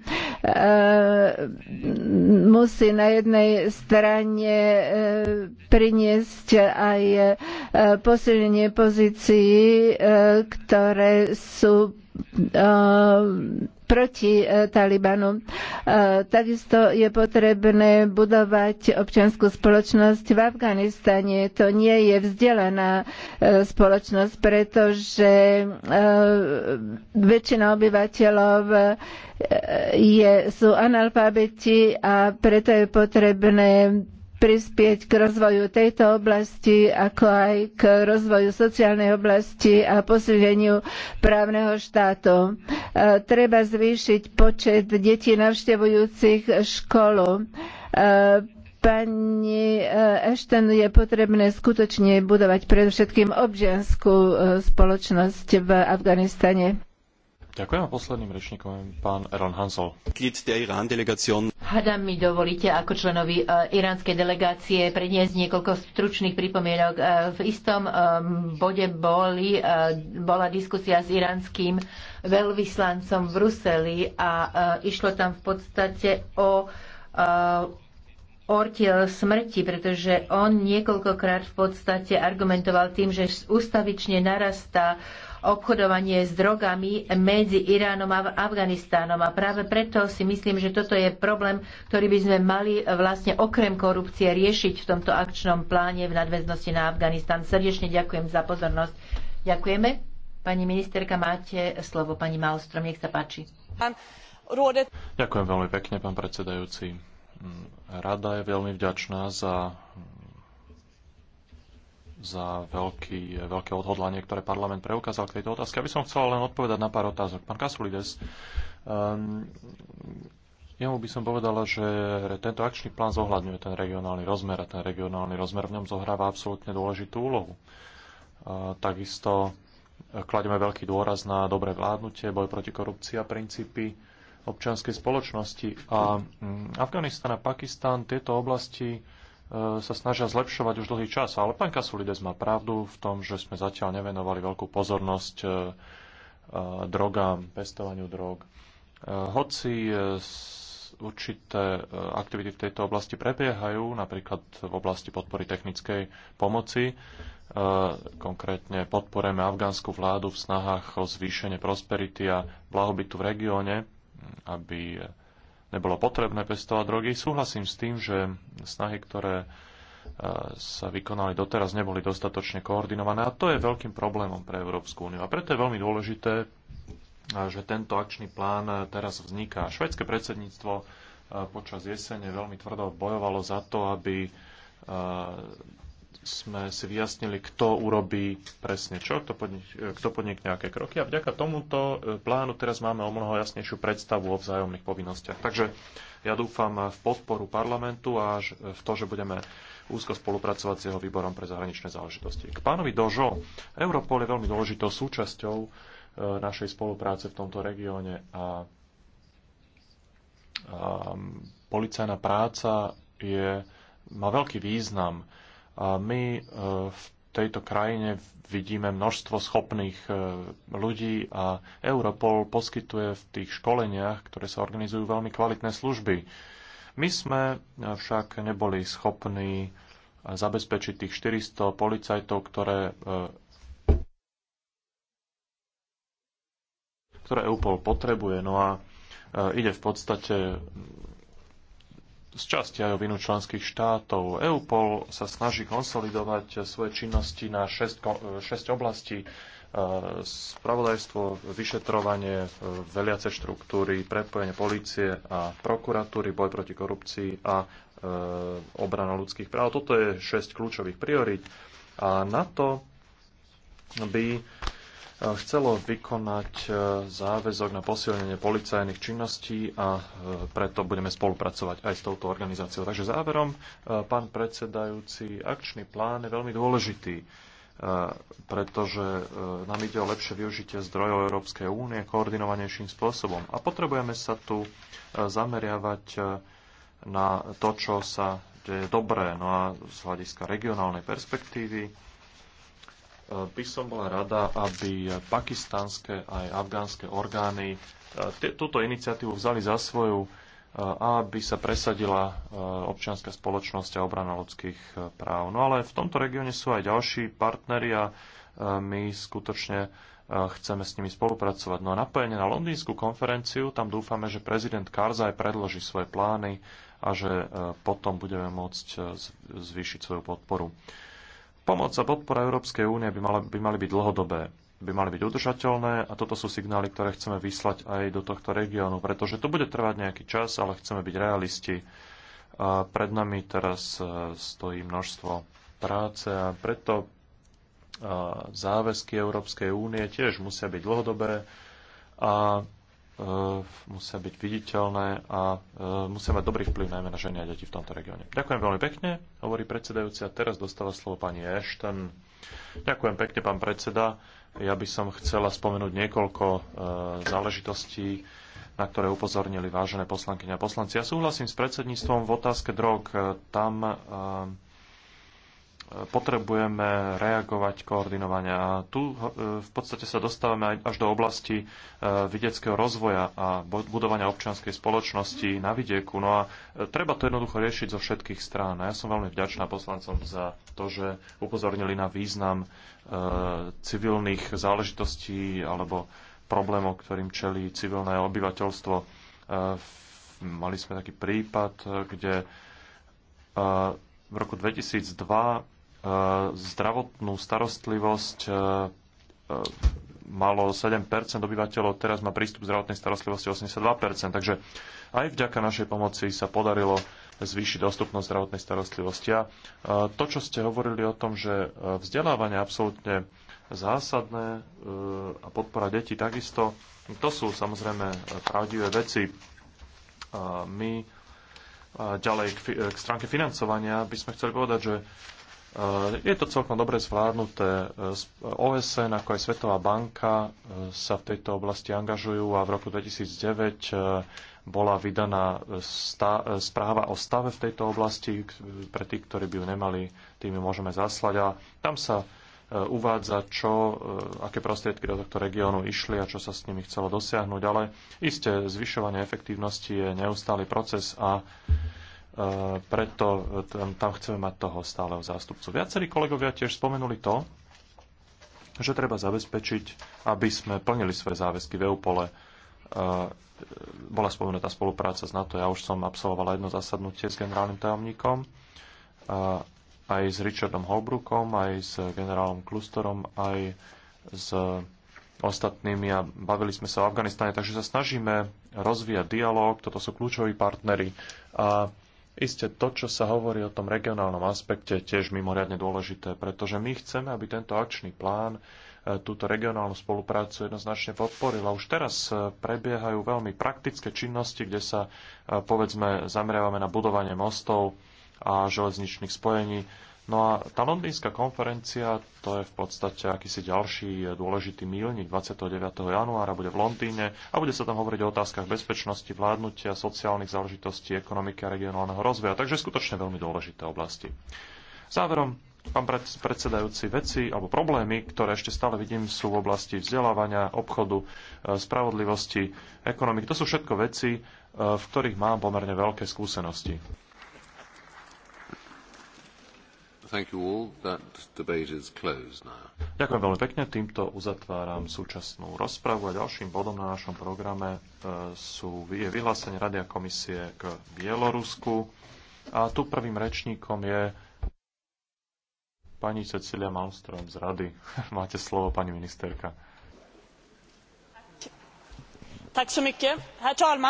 musí na jednej strane priniesť aj posilnenie pozícií ktoré sú e, proti e, Talibanu. E, takisto je potrebné budovať občianskú spoločnosť v Afganistane. To nie je vzdelaná spoločnosť, pretože väčšina obyvateľov je, sú analfabeti a preto je potrebné prispieť k rozvoju tejto oblasti, ako aj k rozvoju sociálnej oblasti a posilneniu právneho štátu. E, treba zvýšiť počet detí navštevujúcich školu. E, pani e, Ashton, je potrebné skutočne budovať predovšetkým občiansku spoločnosť v Afganistane. Ďakujem a posledným rečníkom je pán Ron Hansel. Hádam mi dovolíte ako členovi e, iránskej delegácie predniesť niekoľko stručných pripomienok. E, v istom e, bode boli, bola diskusia s iránským veľvyslancom v Bruseli a išlo tam v podstate o ortiel smrti, pretože on niekoľkokrát v podstate argumentoval tým, že ústavične narastá obchodovanie s drogami medzi Iránom a Afganistánom. A práve preto si myslím, že toto je problém, ktorý by sme mali vlastne okrem korupcie riešiť v tomto akčnom pláne v nadväznosti na Afganistán. Srdečne ďakujem za pozornosť. Ďakujeme. Pani ministerka, máte slovo. Pani Malstrom, nech sa páči. Ďakujem veľmi pekne, pán predsedajúci. Rada je veľmi vďačná za za veľký, veľké odhodlanie, ktoré parlament preukázal k tejto otázke. Aby som chcel len odpovedať na pár otázok. Pán Kasulides, um, jemu by som povedala, že tento akčný plán zohľadňuje ten regionálny rozmer a ten regionálny rozmer v ňom zohráva absolútne dôležitú úlohu. Uh, takisto e, kladieme veľký dôraz na dobré vládnutie, boj proti korupcii a princípy občianskej spoločnosti. A mm, Afganistan a Pakistan tieto oblasti sa snažia zlepšovať už dlhý čas. Ale pán Kasulides má pravdu v tom, že sme zatiaľ nevenovali veľkú pozornosť e, e, drogám, pestovaniu drog. E, hoci určité aktivity v tejto oblasti prebiehajú, napríklad v oblasti podpory technickej pomoci. Konkrétne podporujeme afgánsku vládu v snahách o zvýšenie prosperity a blahobytu v regióne, aby nebolo potrebné pestovať drogy. Súhlasím s tým, že snahy, ktoré e, sa vykonali doteraz, neboli dostatočne koordinované a to je veľkým problémom pre Európsku úniu. A preto je veľmi dôležité, e, že tento akčný plán e, teraz vzniká. Švedské predsedníctvo počas jesene veľmi tvrdo bojovalo za to, aby sme si vyjasnili, kto urobí presne čo, kto, podnik, e, kto podnikne aké kroky. A vďaka tomuto e, plánu teraz máme o mnoho jasnejšiu predstavu o vzájomných povinnostiach. Takže ja dúfam v podporu parlamentu a v to, že budeme úzko spolupracovať s jeho výborom pre zahraničné záležitosti. K pánovi Dožo, Europol je veľmi dôležitou súčasťou e, našej spolupráce v tomto regióne a, a policajná práca je, má veľký význam a my e, v tejto krajine vidíme množstvo schopných e, ľudí a Europol poskytuje v tých školeniach, ktoré sa organizujú, veľmi kvalitné služby. My sme však neboli schopní zabezpečiť tých 400 policajtov, ktoré, e, ktoré EUPOL potrebuje. No a ide v podstate z časti aj o vinu členských štátov. EUPOL sa snaží konsolidovať svoje činnosti na 6, 6 e, oblastí. E, spravodajstvo, vyšetrovanie, e, veliace štruktúry, prepojenie polície a prokuratúry, boj proti korupcii a obrana ľudských práv. Toto je 6 kľúčových priorít. A na to by E, chcelo vykonať e, záväzok na posilnenie policajných činností a e, preto budeme spolupracovať aj s touto organizáciou. Takže záverom, pán predsedajúci, akčný plán je veľmi dôležitý, pretože nám ide o lepšie využitie zdrojov Európskej únie koordinovanejším spôsobom. A potrebujeme sa tu zameriavať na to, čo sa deje dobré. No a z hľadiska regionálnej perspektívy by som bola rada, aby pakistanské aj afgánske orgány e, túto iniciatívu vzali za svoju, e, aby sa presadila e, občianská spoločnosť a obrana ľudských práv. No ale v tomto regióne sú aj ďalší partneri a my skutočne chceme s nimi spolupracovať. No a napojenie na londýnsku konferenciu, tam dúfame, že prezident Karzaj predloží svoje plány a že potom budeme môcť zvýšiť svoju podporu. Pomoc a podpora Európskej únie by, mala, by mali byť dlhodobé, by mali byť udržateľné a toto sú signály, ktoré chceme vyslať aj do tohto regiónu, pretože to bude trvať nejaký čas, ale chceme byť realisti. A pred nami teraz e, stojí množstvo práce a preto e, záväzky Európskej únie tiež musia byť dlhodobé a E, musia byť viditeľné a e, musia mať dobrý vplyv najmä na ženy a deti v tomto regióne. Ďakujem veľmi pekne, hovorí predsedajúci a teraz dostáva slovo pani Ashton. Ďakujem pekne, pán predseda. Ja by som chcela spomenúť niekoľko e, záležitostí, na ktoré upozornili vážené poslankyne a poslanci. Ja súhlasím s predsedníctvom v otázke drog. Tam potrebujeme reagovať koordinovane. A tu e, v podstate sa dostávame až do oblasti e, vidieckého rozvoja a budovania občianskej spoločnosti na vidieku. No a e, treba to jednoducho riešiť zo všetkých strán. A ja som veľmi vďačná poslancom za to, že upozornili na význam civilných záležitostí alebo problémov, ktorým čelí civilné obyvateľstvo. Mali sme taký prípad, kde v roku 2002 E, zdravotnú starostlivosť e, e, malo 7 obyvateľov, teraz má prístup zdravotnej starostlivosti 82 Takže aj vďaka našej pomoci sa podarilo zvýšiť dostupnosť zdravotnej starostlivosti. A to, čo ste hovorili o tom, že vzdelávanie je absolútne zásadné a podpora detí takisto, to sú samozrejme pravdivé veci. My ďalej k stránke financovania by sme chceli povedať, že Eh, je to celkom dobre zvládnuté. Eh, OSN, ako aj Svetová banka eh, sa v tejto oblasti angažujú a v roku 2009 bola vydaná správa o stave v tejto oblasti. Pre tých, ktorí by ju nemali, tým ju môžeme zaslať. A tam sa uvádza, čo, aké prostriedky do tohto regiónu išli a čo sa s nimi chcelo dosiahnuť. Ale isté zvyšovanie efektívnosti je neustály proces a E, preto e, tam, tam chceme mať toho stáleho zástupcu. Viacerí kolegovia tiež spomenuli to, že treba zabezpečiť, aby sme plnili svoje záväzky v EUPOLE. E, bola spomenutá spolupráca s NATO. Ja už som absolvovala jedno zasadnutie s generálnym tajomníkom, aj s Richardom Holbrookom, aj s generálom Klusterom, aj s ostatnými a bavili sme sa o Afganistane, takže sa snažíme rozvíjať dialog, toto sú kľúčoví partnery a Isté to, čo sa hovorí o tom regionálnom aspekte, tiež mimoriadne dôležité, pretože my chceme, aby tento akčný plán e, túto regionálnu spoluprácu jednoznačne podporil a Už teraz e, prebiehajú veľmi praktické činnosti, kde sa e, povedzme zameriavame na budovanie mostov a železničných spojení No a tá londýnska konferencia, to je v podstate akýsi ďalší e, dôležitý mílnik 29. januára, bude v Londýne a bude sa tam hovoriť o otázkach bezpečnosti, vládnutia, sociálnych záležitostí, ekonomiky a regionálneho rozvoja. Takže skutočne veľmi dôležité oblasti. Záverom, pán predsedajúci, veci alebo problémy, ktoré ešte stále vidím, sú v oblasti vzdelávania, obchodu, e, spravodlivosti, ekonomiky. To sú všetko veci, e, v ktorých mám pomerne veľké skúsenosti. Ďakujem veľmi pekne. Týmto uzatváram súčasnú rozpravu a ďalším bodom na našom programe sú, je vyhlásenie Radia komisie k Bielorusku. A tu prvým rečníkom je pani Cecilia Malmström z Rady. Máte slovo, pani ministerka. Tak so mycket. Herr talman.